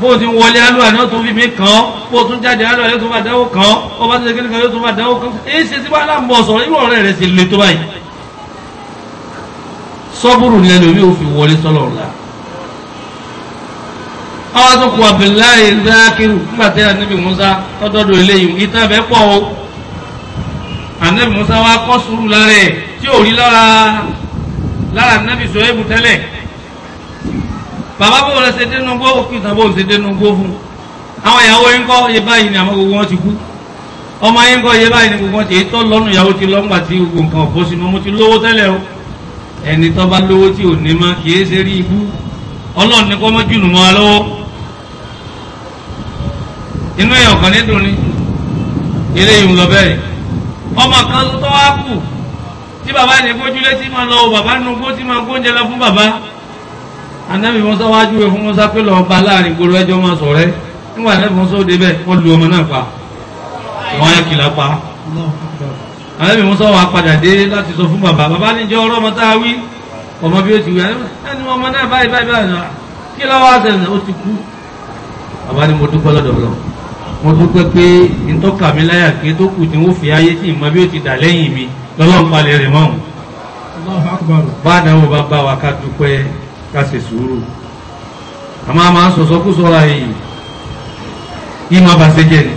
Speaker 2: bó o ti wọlé alúwa ni ó tún fi mí kàn án bó o tún jáde alúwa yóò tún máa dánwò kàn án ó bá ti ṣe kíni kan yóò tún máa dánwò kàn án èyí ṣe sí wàhálà mọ̀ sọ̀rọ̀ irú ọ̀rẹ́ rẹ̀ sì le tó báyìí. sọ́bùrù ni ẹlòmí ò fi wọlé sọ́lọ̀ ọ̀la. àwọn àtúnkù abdullahi zakiru nígbà tí anabi musa tọ́jọ́dọ̀ eléyìí ìtàn ẹ̀fẹ́ pọ̀ o anabi musa wa kọ́ sùúrù lára ẹ̀ tí ò rí lára lára anabi sọ bàbá bò lọ ṣe dénú gbó òkú ìtàn bò ṣe dénú gbó fún àwọn ìyàwó yín kọ́ iye báyìí ni àwọn gbogbo wọn ti kú ọmọ yín kọ́ iye báyìí ni gbogbo wọn ti èyí tó lọ́nu ìyàwó ti lọ́ngbà tí gbogbo nǹkan ọ̀pọ̀ sínú mo ti lówó tẹ́lẹ̀ o ẹni tó bá lówó tí ò ní mọ́ kì í ṣe rí ibú ọlọ́run ní kọ́ mọ́ jùlù mọ́ wa lọ́wọ́ inú èèyàn kan nídùn ni eléyìí ń lọ bẹ́ẹ̀ ọmọ kan tó wá kù tí bàbá ní gbójúlé tí máa lọ anábì Mùsá wá júwe fún Mùsá pé lọ bá láàrin gbòòrò ẹjọ́ máa sọ̀rẹ́ nígbà anábì Mùsá ó débẹ̀ wọ́n lu ọmọ náà pa wọ́n á kìlọ̀ pa anábì Mùsá wà padà dé láti sọ fún bàbá bàbá níjọ́ ọ̀rọ̀ ọmọ tá a wí ọmọ bí ó ti wí ẹni ọmọ náà báyìí báyìí báyìí kí lọ́wọ́ àtẹ̀sẹ̀ ó ti kú bàbá ni mo dúpẹ́ lọ́dọ̀ lọ mo dúpẹ́ pé ntọ́ka mi láyà kí tó kù tí wọ́n fi ayé tí ìmọ̀ bí ó ti dà lẹ́yìn mi lọ́lọ́run ká ṣe sùúrù àmọ́ a máa ń sọ̀sọ́ kú sọ́ra yìí yìí máa bà ṣe jẹ́ ni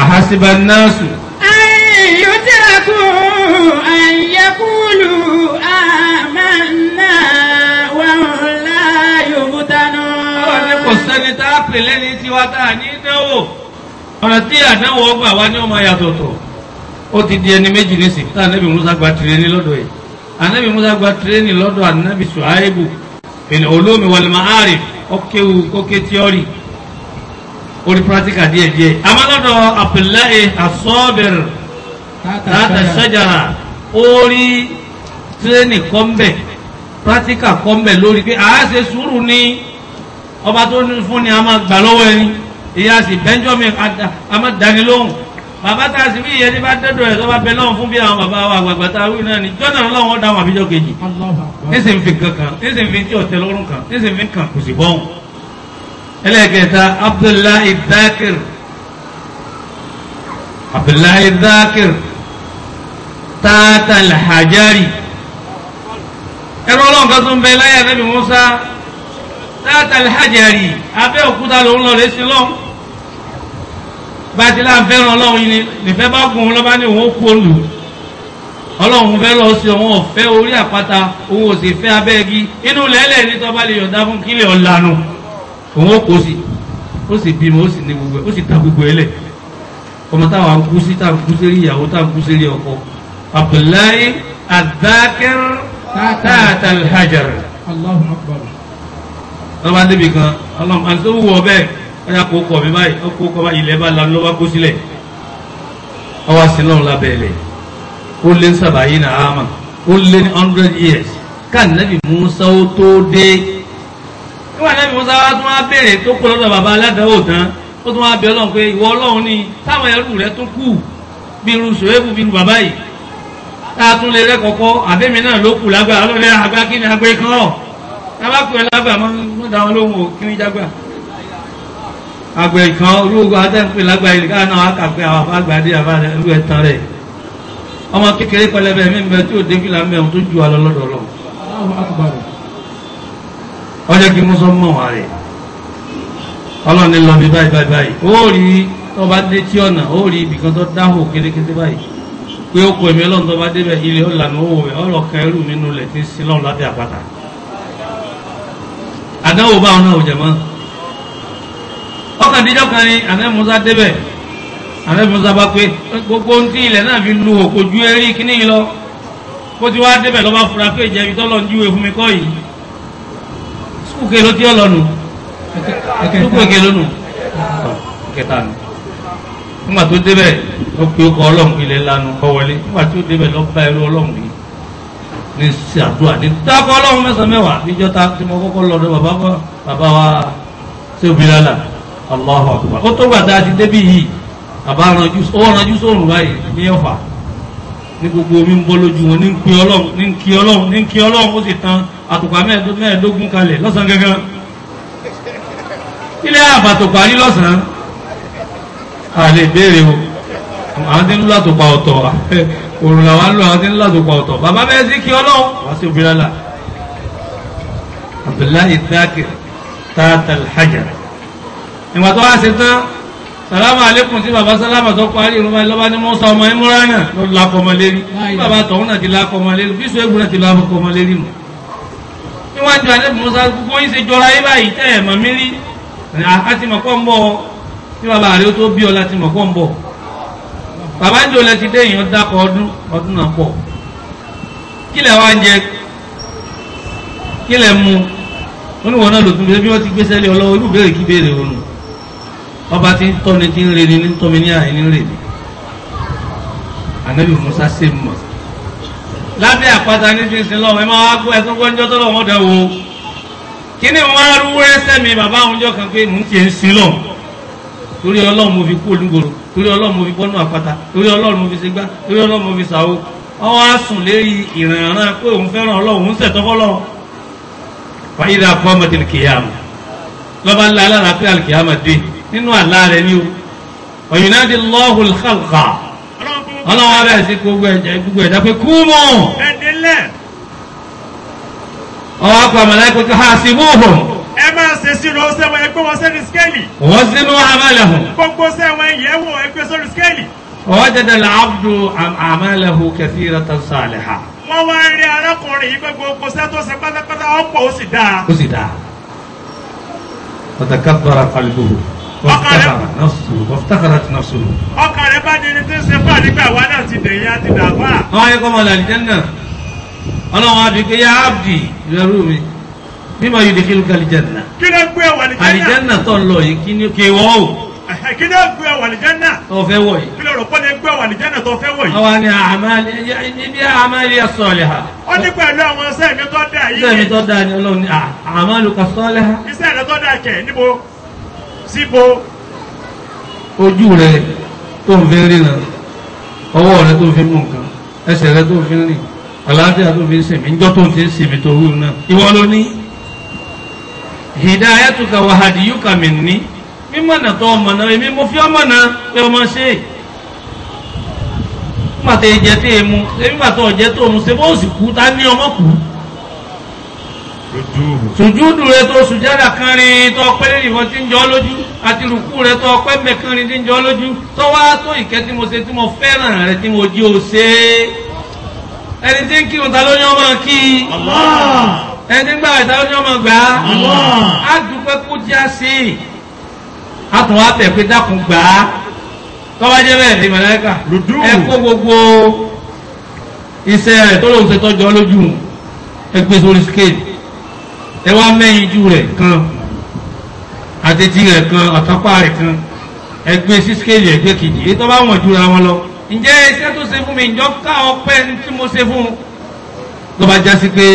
Speaker 2: àhásíbá náàsù.
Speaker 1: ayò tí a kò àyẹ̀kúlù àmàna wà ńlá yòmùtánà. ọ̀rọ̀ ní kò sẹ́ni
Speaker 2: tá a pè lẹ́ni tiwa tá a ní náwó ọ̀rọ̀ tí àdáwọ̀ ọgbà wa ní ọmọ yàtọ̀tọ̀ ó ti di ẹni méjì nísìnyí tá a nẹ́bí musa gba tìrẹ́ni lọ́dọ̀ yìí anabi musa gba tireni lọ́dọ̀ anabi suhaibu fil ulumi wal ma'arif ọkẹwu ọkẹ tíọrì orí pratica díẹ̀ díẹ̀ àmọ́ lọ́dọ̀ abdullahi asọbir tata sajara orí tireni kọmbẹ pratica kọmbẹ lórí pé àá ṣe sùúrù ní ọba tó fún ni a máa gbà lọ́wọ́ ẹni ìyá sì benjamin amadani lóhùn bàbá tá a sì bí ìyẹn bá dẹ́dọ̀ ẹ̀ sọ́ba bẹ lọ́wọ́ fún bí àwọn bàbá wa àgbàgbà tá a wí náà ni jọ́nà lọ́wọ́ dá wọn àbíjọ́ kejì níṣẹ́ ń fi kankan níṣẹ́ ń fi tí ọ̀tẹ lọ́rùn kan níṣẹ́ ń fi kàn kò sì bọ́hùn. ẹlẹ́kẹta abdullahi dhakir abdullahi dhakir tata alhajari ẹ̀rọ ọlọ́run kan tó ń bẹ láyé ànábì musa tata Hajari abẹ́ òkúta lòún lọ lé sí lọ́hùn gbàtí là ń fẹ́ràn ọlọ́run yìí ni nìfẹ́ bá gun òun lọ́ba ní òun ó kú olù ọlọ́run fẹ́ lọ sí òun ọ̀fẹ́ orí àpáta òun ò sì fẹ́ abẹ́ igi inú lẹ́lẹ̀ ní tọ́ba lè yọ̀dá fún kílẹ̀ ọ̀lànà òun ó kó sí ó sì bímọ ó sì ní gbogbo ó sì ta gbogbo ẹlẹ̀ ọmọ táwa ń sí tá à ń kú sí rí ìyàwó tá à ń kú sí rí ọkọ Abdullahi adakir tata alhajar. ọlọ́run àti owó ọbẹ̀ ó yà kó kọ̀ mi báyìí ó kó kọ̀ báyìí ilẹ̀ bá lanu ló bá kó sílẹ̀ ó wá sí lọ́run ó lé ní sàbáyé nà áhàmà ó lé ní hundred years káàdì nàbì Musa ó tó dé níwọ̀n nàbì Musa wá tún wá béèrè tó kó lọ́dọ̀ bàbá aládàáwò tán ó tún wá bẹ ọlọ́run pé ìwọ ọlọ́run ni táwọn ẹrú rẹ tún kù bí irú sòwébù bí irú bàbá yìí táàtún lè rẹ́kọ̀ọ́kọ́ àbẹ́mi náà ló kù lágbà ọlọ́run àgbà kí ni àgbẹ̀ kan ọ̀ tábàkùn ẹ̀ lágbà mọ́ dáwọn lóhùn ò àgbẹ̀ kan olóògbé adẹ́kùnrin lágbàá ilé káà náà àkàpẹ́ àwọn àgbàdé àbáde ẹlú ẹ̀tàn rẹ̀ ọmọ kékeré pẹlẹbẹ mi bẹ tí ó dé fìlà mẹ ohun tó ju alọ lọ́dọ̀ lọ ọjọ́ kí mọ́sán mọ̀ wá rẹ̀ ọlọ́ni lọ bí báyìí báyìí báyìí ó rí tó bá dé tí ọ̀nà ó rí ibìkan tó dáhùn kérékété báyìí pé ó kọ ẹ̀mí ọlọ́run tó bá débẹ̀ ilé ọ̀lànà owó rẹ̀ ọkàn díjọ́ kan ni ànábì Musa débẹ̀ ànábì Musa bá pé gbogbo ohun tí ilẹ̀ náà fi lu òkò ju erí kíní yìí lọ kó ti wá débẹ̀ lọ́ba fura pé ìjẹ̀bi tọ́lọ̀ ń júwe fún mi kọ́ yìí sùkúùkè ló ti ọ̀ lọ́nu sùkúùkè lónù kẹta nù nígbà tó débẹ̀ ó pe ọkọ̀ ọlọ́run ilẹ̀ lanu kọ́ wọlé nígbà tó débẹ̀ lọ́ bá irú ọlọ́run yìí ní sàdúrà ní dákọ̀ ọlọ́run mẹ́sàn-án mẹ́wàá níjọ́ta tí mo kọ́kọ́ lọ́dọ̀ bàbá wa ṣé Allahu akbar ó tó gbàtà ti débì yìí bàbá ranjú ó ranjú sóòrùn báyìí ní ọ̀fà ní gbogbo omi ń bọ́ lójú wọn ní kí ọlọ́run ní kí ọlọ́run ní kí ọlọ́run ó sì tan àtùpà mẹ́ẹ̀ẹ́dógún kalẹ̀ lọ́sàn gangan ilé àbàtùpà rí lọ́sàn àlè béèrè o àwọn tí ń lọ àtùpà ọ̀tọ̀ òrùn làwọn ń lọ àwọn tí ń lọ ọ̀tọ̀ bàbá bẹ́ẹ̀ sí kí ọlọ́run wá sí obìnrin àlà Abdullahi Dhakir ìwà tó wá ṣe tán sàlámà alẹ́kùn tí bàbá sàlámà tó parí ìrúnmọ́ ìlọ́bá ní mọ́sá ọmọ ìmúráyàn ló lakọmọ lérí bàbá tọ̀hún náà ti lakọmọ lérí bí sọ ègbúrẹ́ ti lakọmọ lérí mu níwájú alẹ́kùn mọ́sá gbogbo yín ṣe jọra yí báyìí tẹ́ ẹ̀ mọ̀mí rí àti mọ̀kọ́ ń bọ̀ tí bàbá rẹ̀ tó bí ọ láti mọ̀kọ́ ń bọ̀ bàbá ń jòlẹ̀ ti dé èèyàn dákọ̀ ọdún ọdún náà pọ̀ kílẹ̀ wá ń jẹ kílẹ̀ mu ọba tí ń tọ́ni tí ń reni ní tọ́mi ní àìní reni ànábì Musa ṣe mọ̀ lábẹ́ àpáta ní fi ń sin lọ́wọ́ ẹ máa wá gbọ́ ẹ̀sùn gbọ́njọ́ tó lọ́wọ́ dẹ̀ wo kí ni wọ́n á rúwé sẹ́mi bàbá àwọn ọjọ́ kan pé mò ń tiẹ̀ ń sin lọ́wọ́ torí ọlọ́run mo fi kú olúgbòrò torí ọlọ́run mo fi bọ́nú àpáta torí ọlọ́run mo fi ṣe gbá torí ọlọ́run mo fi ṣàwo ọwọ́ á sùn lérí ìrànràn pé òun fẹ́ràn ọlọ́run òun ṣẹ̀tọ́ fọ́lọ́run wáyé dà kọ́ ọmọdé kìyàmù nínú àlá rẹ̀ ní o ọ̀yìnàdì lọ́hùn khalqa ọlọ́run abẹ́ sí gbogbo ẹ̀jẹ̀ gbogbo ẹ̀dá pé kú mọ́ ọwọ́ pa màláìkò tó ha sí mọ́hùn
Speaker 3: ẹ máa ṣe sírò ó sẹ́wọ̀n ẹgbẹ́ wọn sẹ́ni skẹ́lì wọ́n sí mọ́ amálẹ̀hùn gbogbo sẹ́wọ̀n ìyẹ́wò ẹgbẹ́ sórí skẹ́lì
Speaker 2: ọwọ́ jẹ́dẹ̀ làbdù amálẹ̀hùn kathiratan salihah
Speaker 3: wọ́n wá rí arákùnrin yìí pé gbogbo sẹ́ tó ṣe pátápátá ọ̀pọ̀ ó sì dáa ó
Speaker 2: sì dáa wọ́fítàkàrà ti nọ́ọ̀sù.
Speaker 3: ọkàn rẹ̀ bá di ni tó ṣe fà nígbà wa náà ti dẹ̀yìn àti dàgbà.
Speaker 2: àwọn ẹ̀kọ́ ọmọ làlìjẹ́ náà ọlọ́run á bí pé yá ábdì ìrẹ́rú mi mímọ yìí dèkìlú kàlìjẹ́nà.
Speaker 3: kí ló gbé wà ní jẹ́nà. àlìjẹ́nà tó ń lọ yìí
Speaker 2: kí ni kì í wọ́ o.
Speaker 3: kí ló gbé wà ní jẹ́nà. tó fẹ́ wọ̀ yìí. kí ló rò pé ní gbé wà ní jẹ́nà tó fẹ́ wọ̀ yìí. àwa ni àmàlẹ́ ibi àmàlẹ́ sọ̀lẹ̀ ha. ó ní pẹ̀lú àwọn iṣẹ́ mi tó dáa yìí. iṣẹ́ mi tó dáa ni ọlọ́run ni àmàlẹ́ kà sọ̀lẹ̀ ha. iṣẹ́ rẹ̀ tó dáa kẹ̀ níbo síbo ojú
Speaker 2: rẹ tó ń fi ríran ọwọ́ rẹ tó fi mú nǹkan ẹsẹ̀ rẹ tó fi rìn àlàáfíà tó fi ń sèmi ńjọ́ tó fi ń sèmi tó wúrú náà ìwọ ló ní hidayatuka wa hadiyuka minni mímọ̀nà tó ọmọ náà èmi mo fi ọmọ náà pé ọmọ ṣe é nígbà tó jẹ tó emu nígbà tó jẹ tó mu ṣe bó sì kú ta ní ọmọ kú sùjúdù rẹ tó sùjádà kan rin tó ọpẹ́ lẹ́yìn ìwọ tí ń jọ lójú àti rùkú rẹ tó ọpẹ́ mẹ́kan rin tí ń jọ lójú tó wá tó ìkẹ́ tí mo ṣe tí mo fẹ́ràn rẹ tí mo jí o ṣe ẹni tí ń kírun ta ló yán máa kí ẹni tí ń gbà ta ló yán máa gbà á dúpẹ́ kó já sí i á tún wá pé dákun gbà á tó bá jẹ́ bẹ́ẹ̀ ní mọ̀lẹ́kà ẹ kó gbogbo iṣẹ́ rẹ̀ tó lóun ṣe tọ́jú lójú ẹ gbé sórí ẹ wá mẹ́yìn ju rẹ̀ kan àtẹ̀tí rẹ̀ kan àtọ́pá rẹ̀ kan ẹgbẹ́ sí skéèlì ẹgbẹ́ kejì èyí tó bá wọ̀n ju ra wọn lọ ǹjẹ́ iṣẹ́ tó ṣe fún mi ǹjọ́ ká ọpẹ́ tí mo ṣe fún un tó bá já sí pé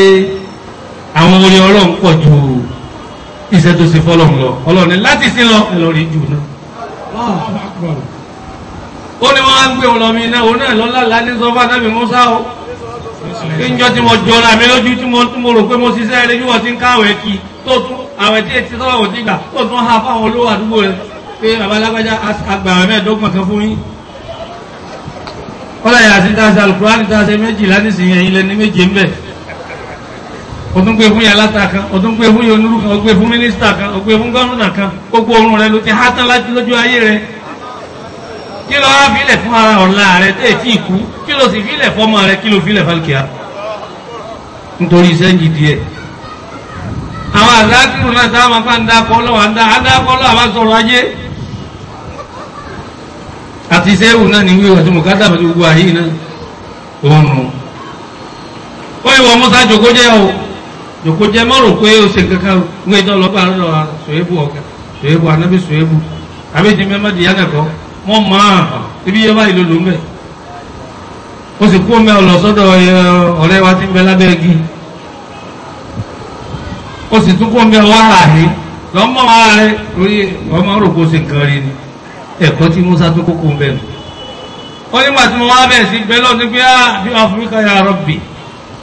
Speaker 2: àwọn orin ọlọ́run pọ̀ ju iṣẹ́ tó ṣe fọ́lọ́run lọ ọlọ́run ni láti sí lọ ẹ lọ rí jù náà ó ní wọ́n á gbé wọn lọ mi náà òun náà lọ́lá lálẹ́ sọ́fà náà mi mú níjọ́ tí mo jọra mi lójú tí mo tí mo rò pé mo ṣiṣẹ́ rẹ bí wọ́n ti ń káwẹ̀ kí tó tún àwẹ̀ tí etí sọ́wọ́ kò ti gbà tó tún ha fáwọn olówó àdúgbò rẹ pé bàbá alágbájá àgbà àwẹ̀ mẹ́ẹ̀ẹ́dọ́gbọ̀n kan fún yín. kọ́lá yàtí tá a ṣe alukurani tá a ṣe méjìlá nísìnyí ẹ̀yin lẹni méje ńbẹ̀. o tún gbé fún yàrá ta kan o tún gbé fún yonúrú kan o gbé fún mínísítà kan o gbé fún gọ́ọ̀nù kí ló wá fílẹ̀ fún ara ọ̀la rẹ tẹ́ tí ìkú kí ló sì fílẹ̀ fọ́mọ rẹ kí ló fílẹ̀ fálkìá nítorí iṣẹ́ yìí díẹ̀ àwọn àzákìrù náà tá a máa fa ń dá kọ́ lọ́wọ́ á dá kọ́ lọ́wọ́ àbá sọ̀rọ̀ ajé àti sẹ́wù náà ní wíwọ̀ tí mo ká dàbẹ̀ tó gbogbo àyè náà òun nù ó yẹ wọ mọ́sá jòkó o jòkó jẹ́ mọ́rò pé o ṣe kankan wíwọ̀ ìdánlọ́gbà rẹ̀ lọ́wọ́ sòwébù ọ̀gá sòwébù anábì sòwébù àbí ti mẹ́mọ́dì wọ́n mọ̀ án ibi yẹ báyìí ló lò ń bẹ̀ ó sì kú omi ọ̀lọ́ sọ́dọ̀ ọ̀rẹ́ wa ti ń bẹ lábẹ́ igi ó sì tún kú omi ọwọ́ ara rẹ̀ lọ́mọ ara rẹ̀ lórí ọmọ òrògbò sì kan rí ni ẹ̀kọ́ tí Musa tó kókó ń bẹ̀ nù nígbà tí mo wá bẹ̀ sí bẹ́lọ́ ní pé á ah, bí wàá fún mi ká rọ́bì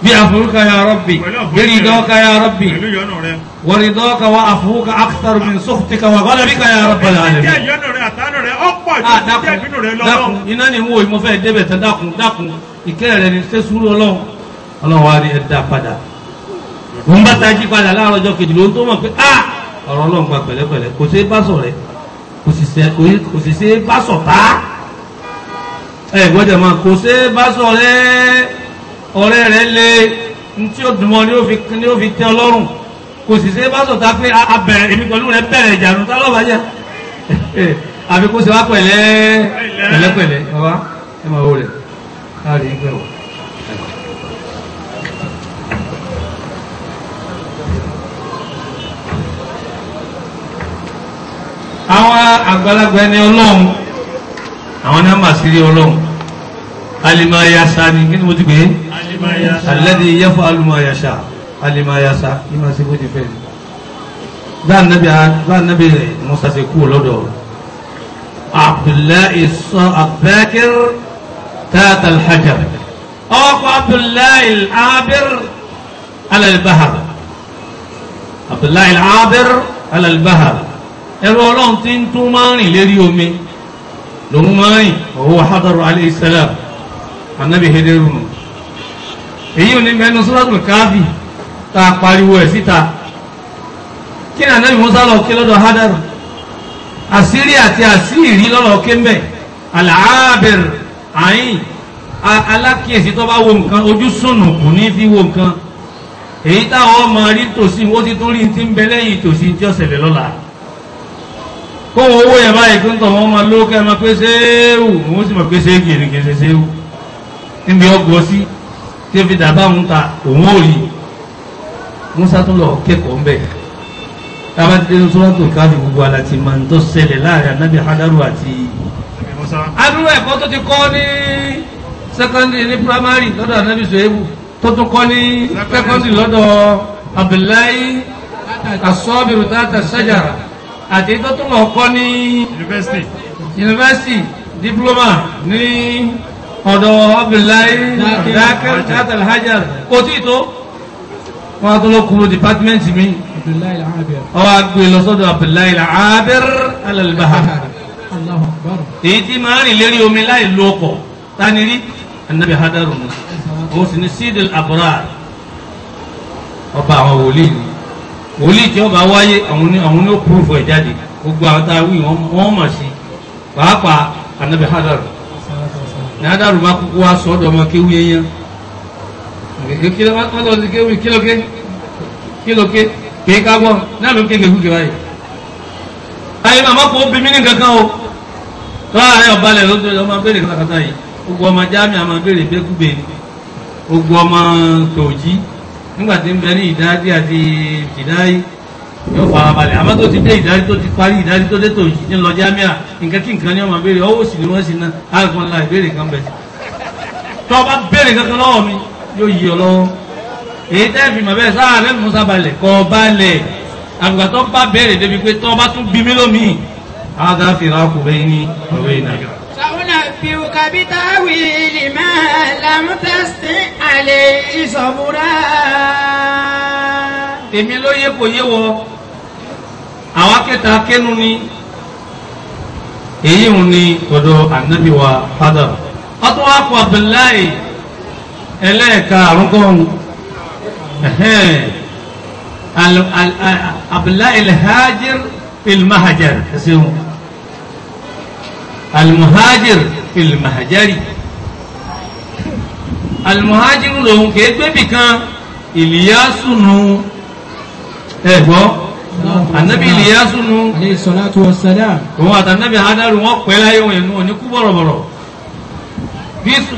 Speaker 2: بعفوك يا ربي برضاك يا ربي ورضاك وعفوك أكثر من سخطك وغضبك يا رب العالمين dákun dákun iná ni n wo mo fẹ́ débẹ̀ tán dákun dákun ìkẹ́ rẹ̀ ni ṣé sùúrù ọlọ́run ọlọ́run wa ni ẹ dá padà ń bá tají padà láàárọ̀ ọjọ́ kejì ló ń tó mọ̀ pé a ah! ọ̀rọ̀ ọlọ́run gba pẹ̀lẹ́pẹ̀lẹ́ kò ṣeé bá sọ̀ rẹ̀ kò sì ṣeé bá sọ̀ tá ẹ̀ gbọ́dọ̀ máa kò ṣeé bá sọ̀ rẹ̀ ọ̀rẹ́ rẹ̀ lé tí ó dùnmọ́ ni ó fi tẹ́ ọ lọ́rùn kò sì ṣe bá sọ̀tà pé abẹ̀rẹ̀ èmi pẹ̀lú rẹ̀ bẹ̀rẹ̀ ìjànú tá lọ́ba jẹ́ àfi kó ṣe wá pẹ̀lẹ́ pẹ̀lẹ́pẹ̀lẹ́ bàbá ẹ máa wò rẹ̀ káàrí ìgbẹ́ wọ̀. àwọn àgbàlagbà ẹni ọlọ́run àwọn náà mà sí rí ọlọ́run alimayasa ni kí ni mo ti pè é alẹ́dí yẹ́fọ́ alumayasa alimayasa ní ma ṣe bó ti fẹ́ gbáànábì musa ṣe kú lọ́dọ̀ abdullahi sọ abẹ́kir tààtà alhajar ọkọ̀ abdullahi al'abir alalbahar abdullahi al'abir alalbahar ẹ̀rọ ọlọ́run ti ń tún máa rìn lérí omi lòun máa rìn òun alayhi salam ànábì hederu nù èyí ò ní mẹ́nu suratul káàbì tá a pariwo ẹ̀ síta kí ni ànábì musa lọ kí lọ́dọ̀ hadaru àṣírí àti àṣírí lọ́rọ̀ kéńbẹ̀ àlàábẹ̀rẹ̀ àyìn alákìyèsí tó bá wo nǹkan ojú sùnù kù ní fi wo nǹkan èyí táwọn ọmọ rí tòsí wọ́n ti tún rí ti ń bẹ lẹ́yìn tòsí tí ó ṣẹlẹ̀ lọ́la kóhun owó yẹn báyìí kí n tọ̀ wọ́n máa lókè máa pé séèwù wọ́n sì máa pé séèkì ènìyàn ṣe séèwù níbi ọgbọ́ sí tí fi dàbá ń ta òun ò rí musa tó lọ kẹ́kọ̀ọ́ ń bẹ̀ tába ti dénú sọ́wọ́tò káàdì gbogbo aláti máa ń tó ṣẹlẹ̀ láàrin anábì hadaru àti adúrú ẹ̀kọ́ tó ti kọ́ ní secondary ní primary lọ́dọ̀ anábì sọ́yẹ́bù tó tún kọ́ ní secondary lọ́dọ̀ abdullahi asọ́bìrù tata sajara àti tó tún lọ kọ́ ní university diploma ní ọ̀dọ̀ Abdullahi Zakir látàlí Hajar kò tí tó wọ́n á tó lọ kúrò dìpátímẹ́ǹtì mi ọwọ́ agbè lọ sọ́dọ̀ Abdullahi Abir alalibahari èyí tí máa rìn lérí omi láì lo ọkọ̀ tani rí anabi hadaru mu òun sì ni sídìl abrar ọba àwọn wòlíì ni wòlíì tí ọba wáyé àwọn ní ó kúrò fún ẹ̀ jáde gbogbo àwọn tá a wí wọ́n mọ̀ sí pàápàá anabi hadaru nádàrú bá kúkú wá sọ́dọ̀ ọmọ kéwú yẹn yẹn kílókè kílókè kílókè kì í kágbọ́ náà ló kéèké kúkè báyìí. ayé màmá kò bí mí ní kankan o tó àárẹ̀ ọ̀balẹ̀ ló ń ọmọ abéèrè kàkàtà yìí gbogbo ọmọ jámi àmọ́ abéèrè bẹ́kúbè gbogbo ọmọ tòjí nígbà tí ń bẹ ní ìdádí àti ìdáyé yóò farabalẹ̀ àmọ́ tó ti dé ìdarí tó ti parí ìdarí tó dé tó ń lọ jámíà nǹkan kí nǹkan ní ọmọ béèrè ọwọ́ sì ni wọ́n sì ná àgbọn la ìbéèrè kan bẹ̀ tó bá béèrè kankan lọ́wọ́ mi yóò yí ọ lọ́wọ́ èyí tẹ́ fi mọ̀ bẹ́ẹ̀ sáà rẹ́ musa balẹ̀ kọ́ balẹ̀ àgbà tó bá béèrè débi pé tó o bá tún bí mí lómi àgbà fìrà kù bẹ́ẹ̀ ní ọ̀rẹ́ ìnàgà. sàwọn èmi ló yẹ kò yé wọ àwọn akẹta kẹnu ni èyí ń ní ọ̀dọ̀ ànábì wa fada ọtún wa kọ abdullahi ẹlẹ́ẹ̀ka àrùngọ́n abdullahi alhajir ilmahajar ẹsẹ̀ almuhajir ilmahajari almuhajir lòun kò gbébì ìlíyásùnù ẹ̀gbọ́ ànábì ìlíyásù nù òun àtànábì hadaru wọ́n pẹ́ láyé wọn ìnú òní kú bọ̀rọ̀bọ̀rọ̀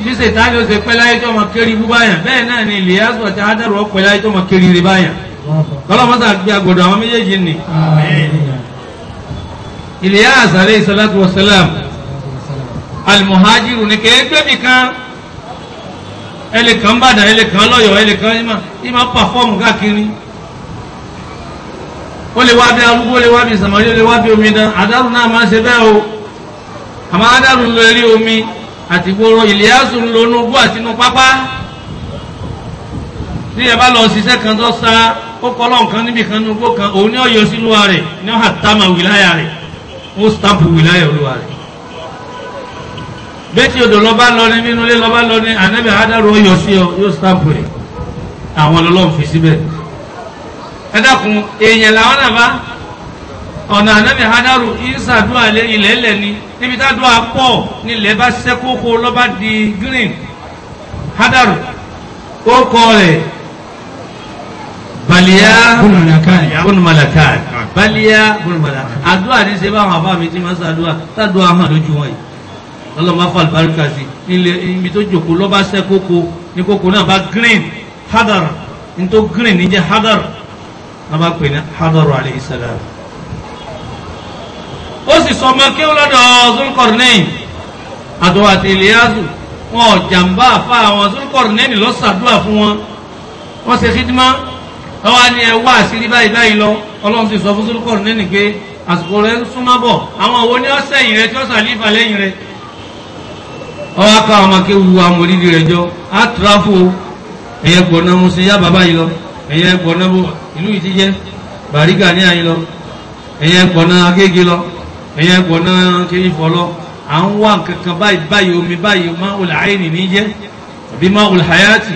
Speaker 2: bí sètáni ó ṣe pẹ́ láyé tó ọmọ kéré ibú báyàn bẹ́ẹ̀ náà ni ìlíyásù àti hadaru wọ́n pẹ́ láyé tó ọmọ kéré ire báyàn kọ́lọ́mọ́sà gbé agbọ̀dọ̀ àwọn méjèèjì nì ìlíyásù alayhi salatu wassalam alimuhajiru ni kéèké nìkan ẹlẹ́kan bàdàn ẹlẹ́kan lọ́yọ̀ọ́ ẹlẹ́kan ìmọ̀ pàfọ́ọ̀mù káàkiri ó lè wá bí arúgbó lè wá bí sàmọ́lé ó lè wá bí omi dán àdárù náà máa ń ṣe bẹ́ẹ̀ o àmọ́ àdárù ń lo eré omi àti gbòòrò ìlíyàsù ń lo inúgbó àti inú pápá tí ẹ bá lọ ṣiṣẹ́ kan tó sa ó kọ́ lọ́n kan níbi kan inúgbó kan òun ní ọ̀yọ́ sínú wa rẹ̀ ní ọ̀hà táàmà wìláyà rẹ̀ ó stampu wìláyà olúwa rẹ̀ bẹ́ẹ̀ tí odò lọ́ba lọ ní nínú ilé lọ́ba lọ ní ànẹ́bẹ̀ àdárù ọ̀yọ́ sí ọ yóò stampu rẹ̀ àwọn ọlọ́run fi síbẹ̀ ẹ dákun èèyàn làwọn náà bá ọ̀nà ànábì hadaru ìsàdúrà ilẹ̀ ilẹ̀ ni níbi tádùá pọ̀ nílẹ̀ bá sẹ́kókó lọ́ba di green hadaru ó kọ́ rẹ̀ baliya bùnú malakai baliya bùnú malakai ah. àdúrà ní ṣe báwọn àbá mi ti máa ṣàdúrà tádùá hàn lójú wọn yìí lọ́lọ́mọ afọ àlùbáríkà sí nílẹ̀ ibi tó jòkó lọ́ba sẹ́kókó ní kókó náà bá green hadaru ní green ní jẹ́ hadaru wọ́n máa pè ní hadaru alayhi salam ó sì sọ ọmọ kí ó lọ́dọ̀ zulkọ̀rìnẹ́yìn àtọwọ́ àti ìlíyàzù wọn ò jàǹbá àfa àwọn zulkọ̀rìnẹ́yìn lọ sàdúrà fún wọn wọ́n ṣe kídímá lọ́wọ́ ni ẹ wá àṣírí báyìí báyìí lọ ọlọ́run ti sọ fún zulkọ̀rìnẹ́yìn pé àsìkò rẹ ń súnmọ́ àwọn òwò ní ọ̀sẹ̀yìn rẹ tí ó sàlífà lẹ́yìn rẹ ọwọ́ aká ọmọ kí wu amòlídìí rẹ jọ á tura fún ẹ̀yẹ gbọ̀nà musin yá bàbá yìí lọ ẹ̀yẹ ẹ̀pọ̀nà ìlú ìtijẹ́ bàríkà ní àyín lọ ẹ̀yẹ ẹ̀pọ̀nà agége lọ ẹ̀yẹ ẹ̀pọ̀nà kéyìnfọ̀ lọ à ń wá kankan báyìí báyìí omi báyìí máwùl àyìn ní jẹ́ àbí máwùl hayati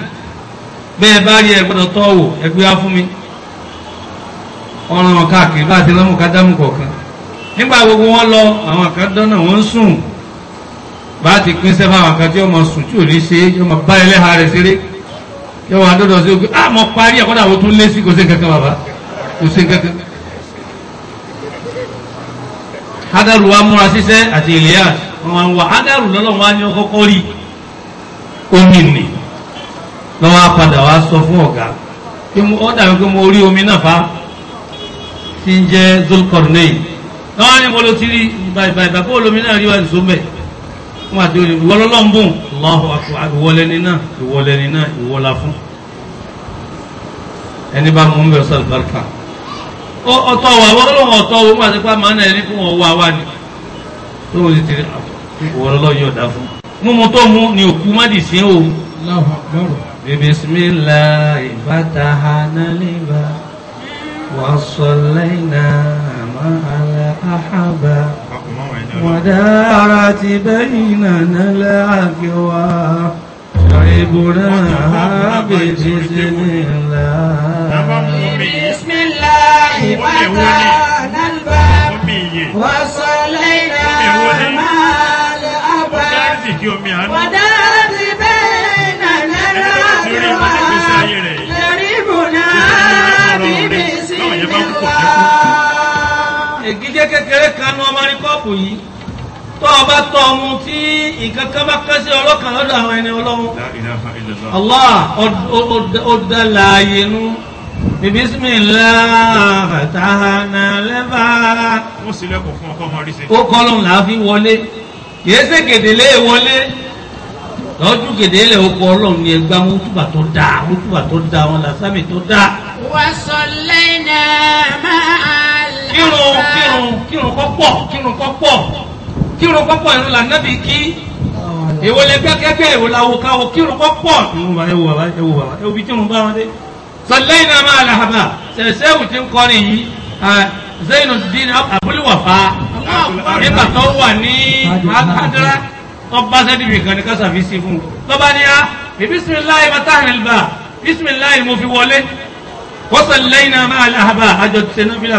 Speaker 2: bẹ́ẹ̀ bá rí ẹgbẹ́dọ̀ tọ́wò ẹgbẹ́ á fún mi ọ̀ràn káàkiri bá ti lọ́mù ká dámù kọ̀ọ̀kan nígbà gbogbo wọn lọ àwọn kan dọ́nà wọ́n ń sùn bá ti pín sẹ́fà àwọn kan tí ó sùn tí ò ní ṣe é tí bá ẹlẹ́ha rẹ̀ ṣeré yóò wá dọ́dọ̀ sí ogun ah mo parí ẹ̀kọ́ dàbò tún lé sí kò sí kankan bàbá kò sí kankan. hadaru wa múra síṣẹ́ àti ìlẹ́yà wọn wá ń wá hadaru lọ́lọ́run wá ní ọkọ́kọ́ rí omi nì lọ́wọ́ apàdà wa sọ fún ọ̀gá pé ó dàbí pé mo rí omi náà fa tí ń jẹ́ Zulqarnain lọ́wọ́ ní mo ló ti rí báyìí báyìí báyìí bó lómi náà rí wa nìṣó mẹ́ẹ̀ wọ́n àti òní ìwọ́lọ́lọ́mbùn Allahu akbar ìwọ́lẹ́ni náà ìwọ́lẹ́ni náà ìwọ́lá fún ẹni bá mú bẹ̀rẹ̀ sọ̀rọ̀ bàrùkà ọ̀tọ̀ wà wọ́lọ́lọ́wọ́ ọ̀tọ̀ owó àti pa máa ń fún wọn wá ni tó wọ́n ti tẹ̀lé ìwọ́lọ́lọ́ yóò dá fún Mu tó mú ni òkú má dì sí òun. bisimilahi fatahana liba wasalina ma'ala ahaba wàdà. وقعت بيننا العكوى شعبنا بجسم الله
Speaker 1: بسم الله
Speaker 2: وكان
Speaker 3: الباب وصلينا مع الأبد ودار بيننا العكوى شعبنا بجسم الله.
Speaker 2: ègídé kékeré kan ní ọmọ ní kọ́ọ̀pù yìí tó o bá tọ́ ọmú tí nǹkan kan bá kán sí ọlọ́kàn lọ́dọ̀ àwọn ẹni ọlọ́run allah ọ̀dà láàyè nu bibisimilá fatahana
Speaker 3: lẹ́fà. ó sì lẹ́kọ̀ọ́ fún ọkọ̀ ọmọ rí sí. ó
Speaker 2: kọ́ lóun láàfi wọlé kìí ṣe gèdèlé e wọlé lọ́dún gèdèlé oko e, ọlọ́run ni ẹgbàá mútùbà tó dáa mútùbà tó dáa wọn làsámì tó dáa.
Speaker 1: wàṣọ lẹ́nà máa. kírun kírun
Speaker 2: kírun kọ́ pọ̀ kírun kọ́ pọ̀ kírun pọ́pọ̀ ìrún là nẹ́bí kí èwo lẹ kẹ́kẹ́kẹ́ èwo la wò ká wò kírun pọ́pọ̀. ewu bàbá ewu bàbá ewu bí kírun bá wọn dé. sọlẹ́yìn náà máa làbà ṣẹ̀ṣẹ́wù ti ń kọrin yìí Zainuddin Abul Wafa nígbà tó wà ní Hadra ọba sẹ́dìbì kan ní kásàfíìsì fún un lọ́ba ní a bisimilayi matahil ba bisimilayi mo fi wọlé wọ́n náà máa làbà àjọ tẹnifílà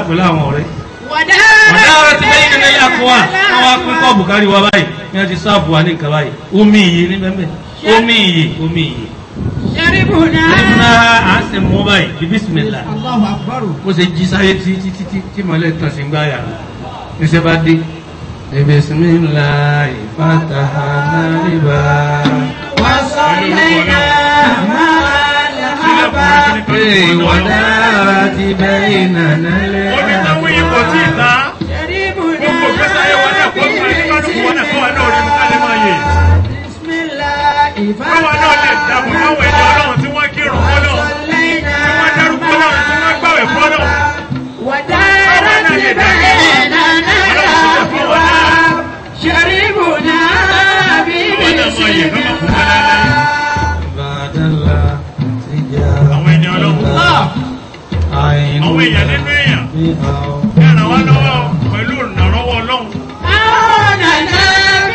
Speaker 1: wàdárati bẹ́yìn nínú ẹ̀yà kọ́ wa wọ́n wá pín kọ́ọ̀bù
Speaker 2: kárí wa báyìí ní wọ́n ti sáàbù wa ní nǹkan báyìí omi ìyè ní bẹ́ẹ̀ omi ìyè omi ìyè.
Speaker 1: ṣẹ́rìbùnà ṣẹ́rìbùnà à ń sẹ̀
Speaker 2: mọ́ báyìí bí bísímìlà ó ṣe jí sáyé tí tí tí tí tí mọ̀lẹ́ tán sí gbá yàrá níṣẹ́ bá dé. bísímìlà ìfàtàhà náà rí bá.
Speaker 1: wàá sọ ilé máa
Speaker 2: pé ìwọ̀dà ti bẹ́ẹ̀ nànà lẹ́yìn. omi tó wí ipò tí ì ta gbogbo gbèsè ayé wa náà
Speaker 3: kó fún ẹni kálukú wọn náà kó wa náà rí mi kálẹ̀ máa yè. káwa náà lè dàbò káwọn ẹni ọlọ́run tí wọ́n kírun fọ́lọ́ tí wọ́n dárúkọ náà tí wọ́n gbàwẹ̀ fọ́lọ́. wọ́dà
Speaker 1: rẹ̀ ti bẹ́ẹ̀ nànà.
Speaker 3: àwọn èèyàn nínú èèyàn ẹ ràn wá lọ́wọ́ pẹ̀lú ìrànlọ́wọ́ ọlọ́run. àwọn nàná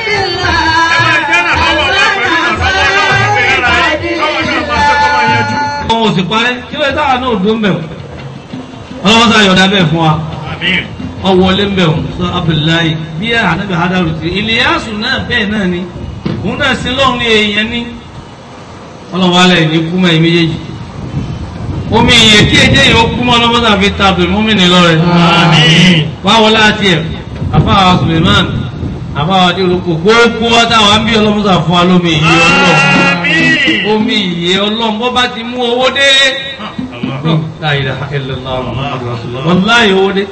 Speaker 3: fi là á
Speaker 2: àwọn òsì parẹ́ kí ló dáa náà dún bẹ̀ ọlọ́wọ́ sá yọ̀dá bẹ́ẹ̀ fún wa ọwọ́lé ń bẹ̀ sọ Abdullahi bí i ànábì hadaru ti Ìlíyàsù náà bẹ́ẹ̀ náà ni òun náà sí lọ́hùn ní èèyàn ní ọlọ́wọ́ alẹ́ ìní kú mọ́ ẹ̀mí yéjì omi èyàn kí èjé yìí ó kú mọ́ lọ́mọ́ tàbí tàbí múmi ní lọ́rẹ̀ báwo láti ẹ̀ àbáwá Suleiman àbáwá adéolóko gbogbo ọ̀tàwọn bí ọlọ́mọ́sà fún wa lómi ìyè ọlọ́run omi ìyè ọlọ́run bó bá ti mú owó dé wàláyé owó dé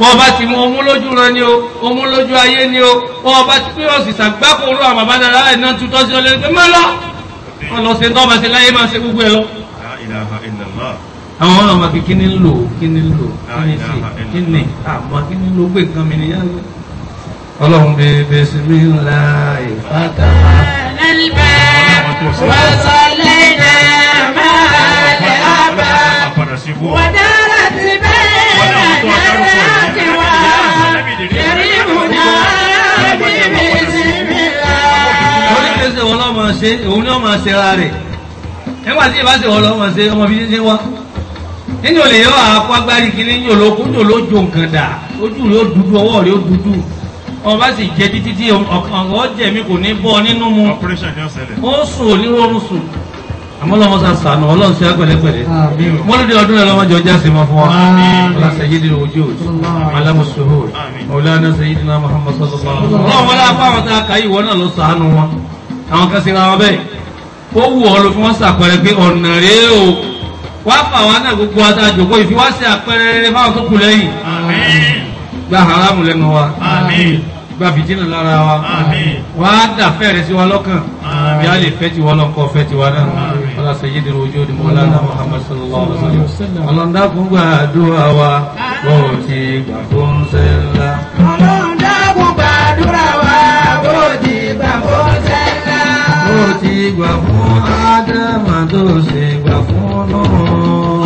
Speaker 2: wọ́n bá ti mú ọmú lójú ran ni o ọmú lójú ayé ni o wọ́n bá ti pé ọ̀sìn sàgbákò orú àwọn bàbá dára ẹ̀ náà tún tọ́sí ọlẹ́gbẹ́ mọ́ lọ wọ́n lọ ń tọ́ bá ṣe láyé máa ṣe gbogbo ẹ̀ lọ àwọn ọmọ kí kí ni ń lò kí ni ń lò kí ni sí kí ni àmọ́ kí ni ń lò pé nǹkan mi nìyá rẹ̀ ọlọ́run bèbè bismillahil fataha. wa sallayna
Speaker 1: máa lè àbá wàdàrà ti bẹ́ẹ̀ náà.
Speaker 2: ṣe òun ní ọmọ ṣe ra rẹ̀ nígbà tí ìbá ṣe wọ́n lọ́mọ ṣe ọmọ bíi ṣe wá nínú olè yọ àkọ́ agbárí kiri ní olóko ní olójo nǹkan dà ojú rẹ̀ ó dúdú ọwọ́ rẹ̀ ó dúdú ọba sì jẹ títí tí ọ̀rọ̀ jẹ̀mí kò ní bọ́ nínú mu ó sùn onírúurú sùn àmọ́ lọ́mọ sàṣàánú ọlọ́run sí agbẹ̀lẹ́gbẹ̀lẹ́ mọ́lódé ọdún rẹ̀ lọ́mọ jọjá sí ma fún wa ọlá sayyidil wujud alamusuhu ọlọ́run sayyidina muhammadu sallallahu alaihi wa sallam ọlọ́run wọlé apá yìí wọ́n náà lọ sàánú wọn àwọn kan sí ra wọn bẹ́ẹ̀ ó wù ọ lọ fún wọn ṣàpẹẹrẹ pé ọ̀nà rèé o wá fà wọn náà gbogbo adájọ́ kó ìfi wá sí àpẹẹrẹ rere fáwọn tó kù lẹ́yìn gba haramu lẹ́nu wa gba fìtínà lára wa wá dàfẹ́ rẹ̀ sí wa lọ́kàn bí a lè fẹ́ ti wọ́n lọ́kọ́ fẹ́ ti wa náà wọ́n sọ yé dèrò ojú òdìmọ̀ lánàá Muhammad sallallahu alaihi wa sallam ọlọ́ndà fún gbàdúrà wa bó ti gbà fún sẹ́yìn. ti gbà fún ádámà tó ṣe gbà fún náà.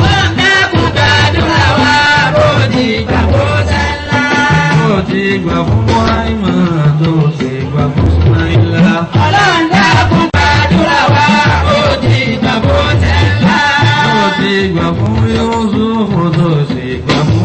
Speaker 2: ọ̀nàkùn gbàdúrà wa bó
Speaker 1: ti gbà fún sẹ́lá. bó ti gbà fún wáìmà tó ṣe gbà
Speaker 2: fún sùmáìlá.
Speaker 1: ọlọ́ọ̀nàkùn gbàdúrà wa bó ti gbà fún sẹ́lá.
Speaker 2: bó ti gbà fún yóò sùn fún tó ṣe fún.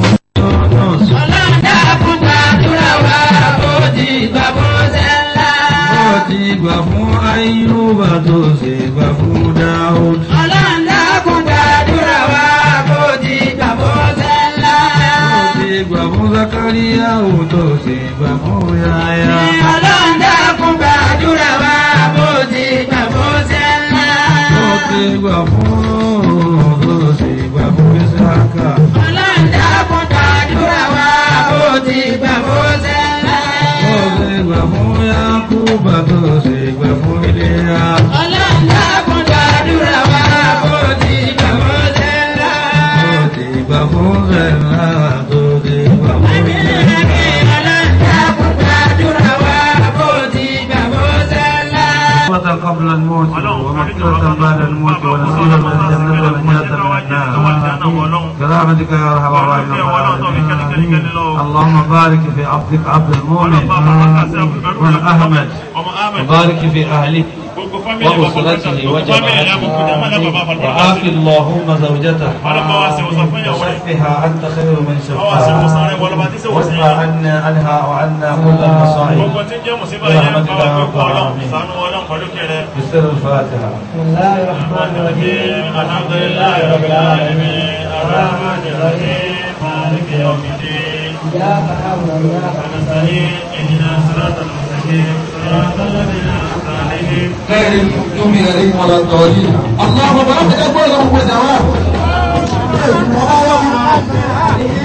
Speaker 2: اللهم بارك في عبدك عبد المؤمن والأحمد وبارك في أهله وأسرته وجماعته وآف اللهم زوجته وشفها أنت خير من شفاها واشفى عنا عنها وعنا كل المصائب برحمتك يا رب العالمين بسر الفاتحة بسم الله الرحمن الرحيم
Speaker 3: الحمد لله رب العالمين الرحمن الرحيم مالك يوم الدين اهدنا صراط المستقيم
Speaker 2: صراط الذين انعمت عليهم غير المغضوب عليهم ولا الضالين اللهم اغفر لنا ولهم
Speaker 1: وزواهم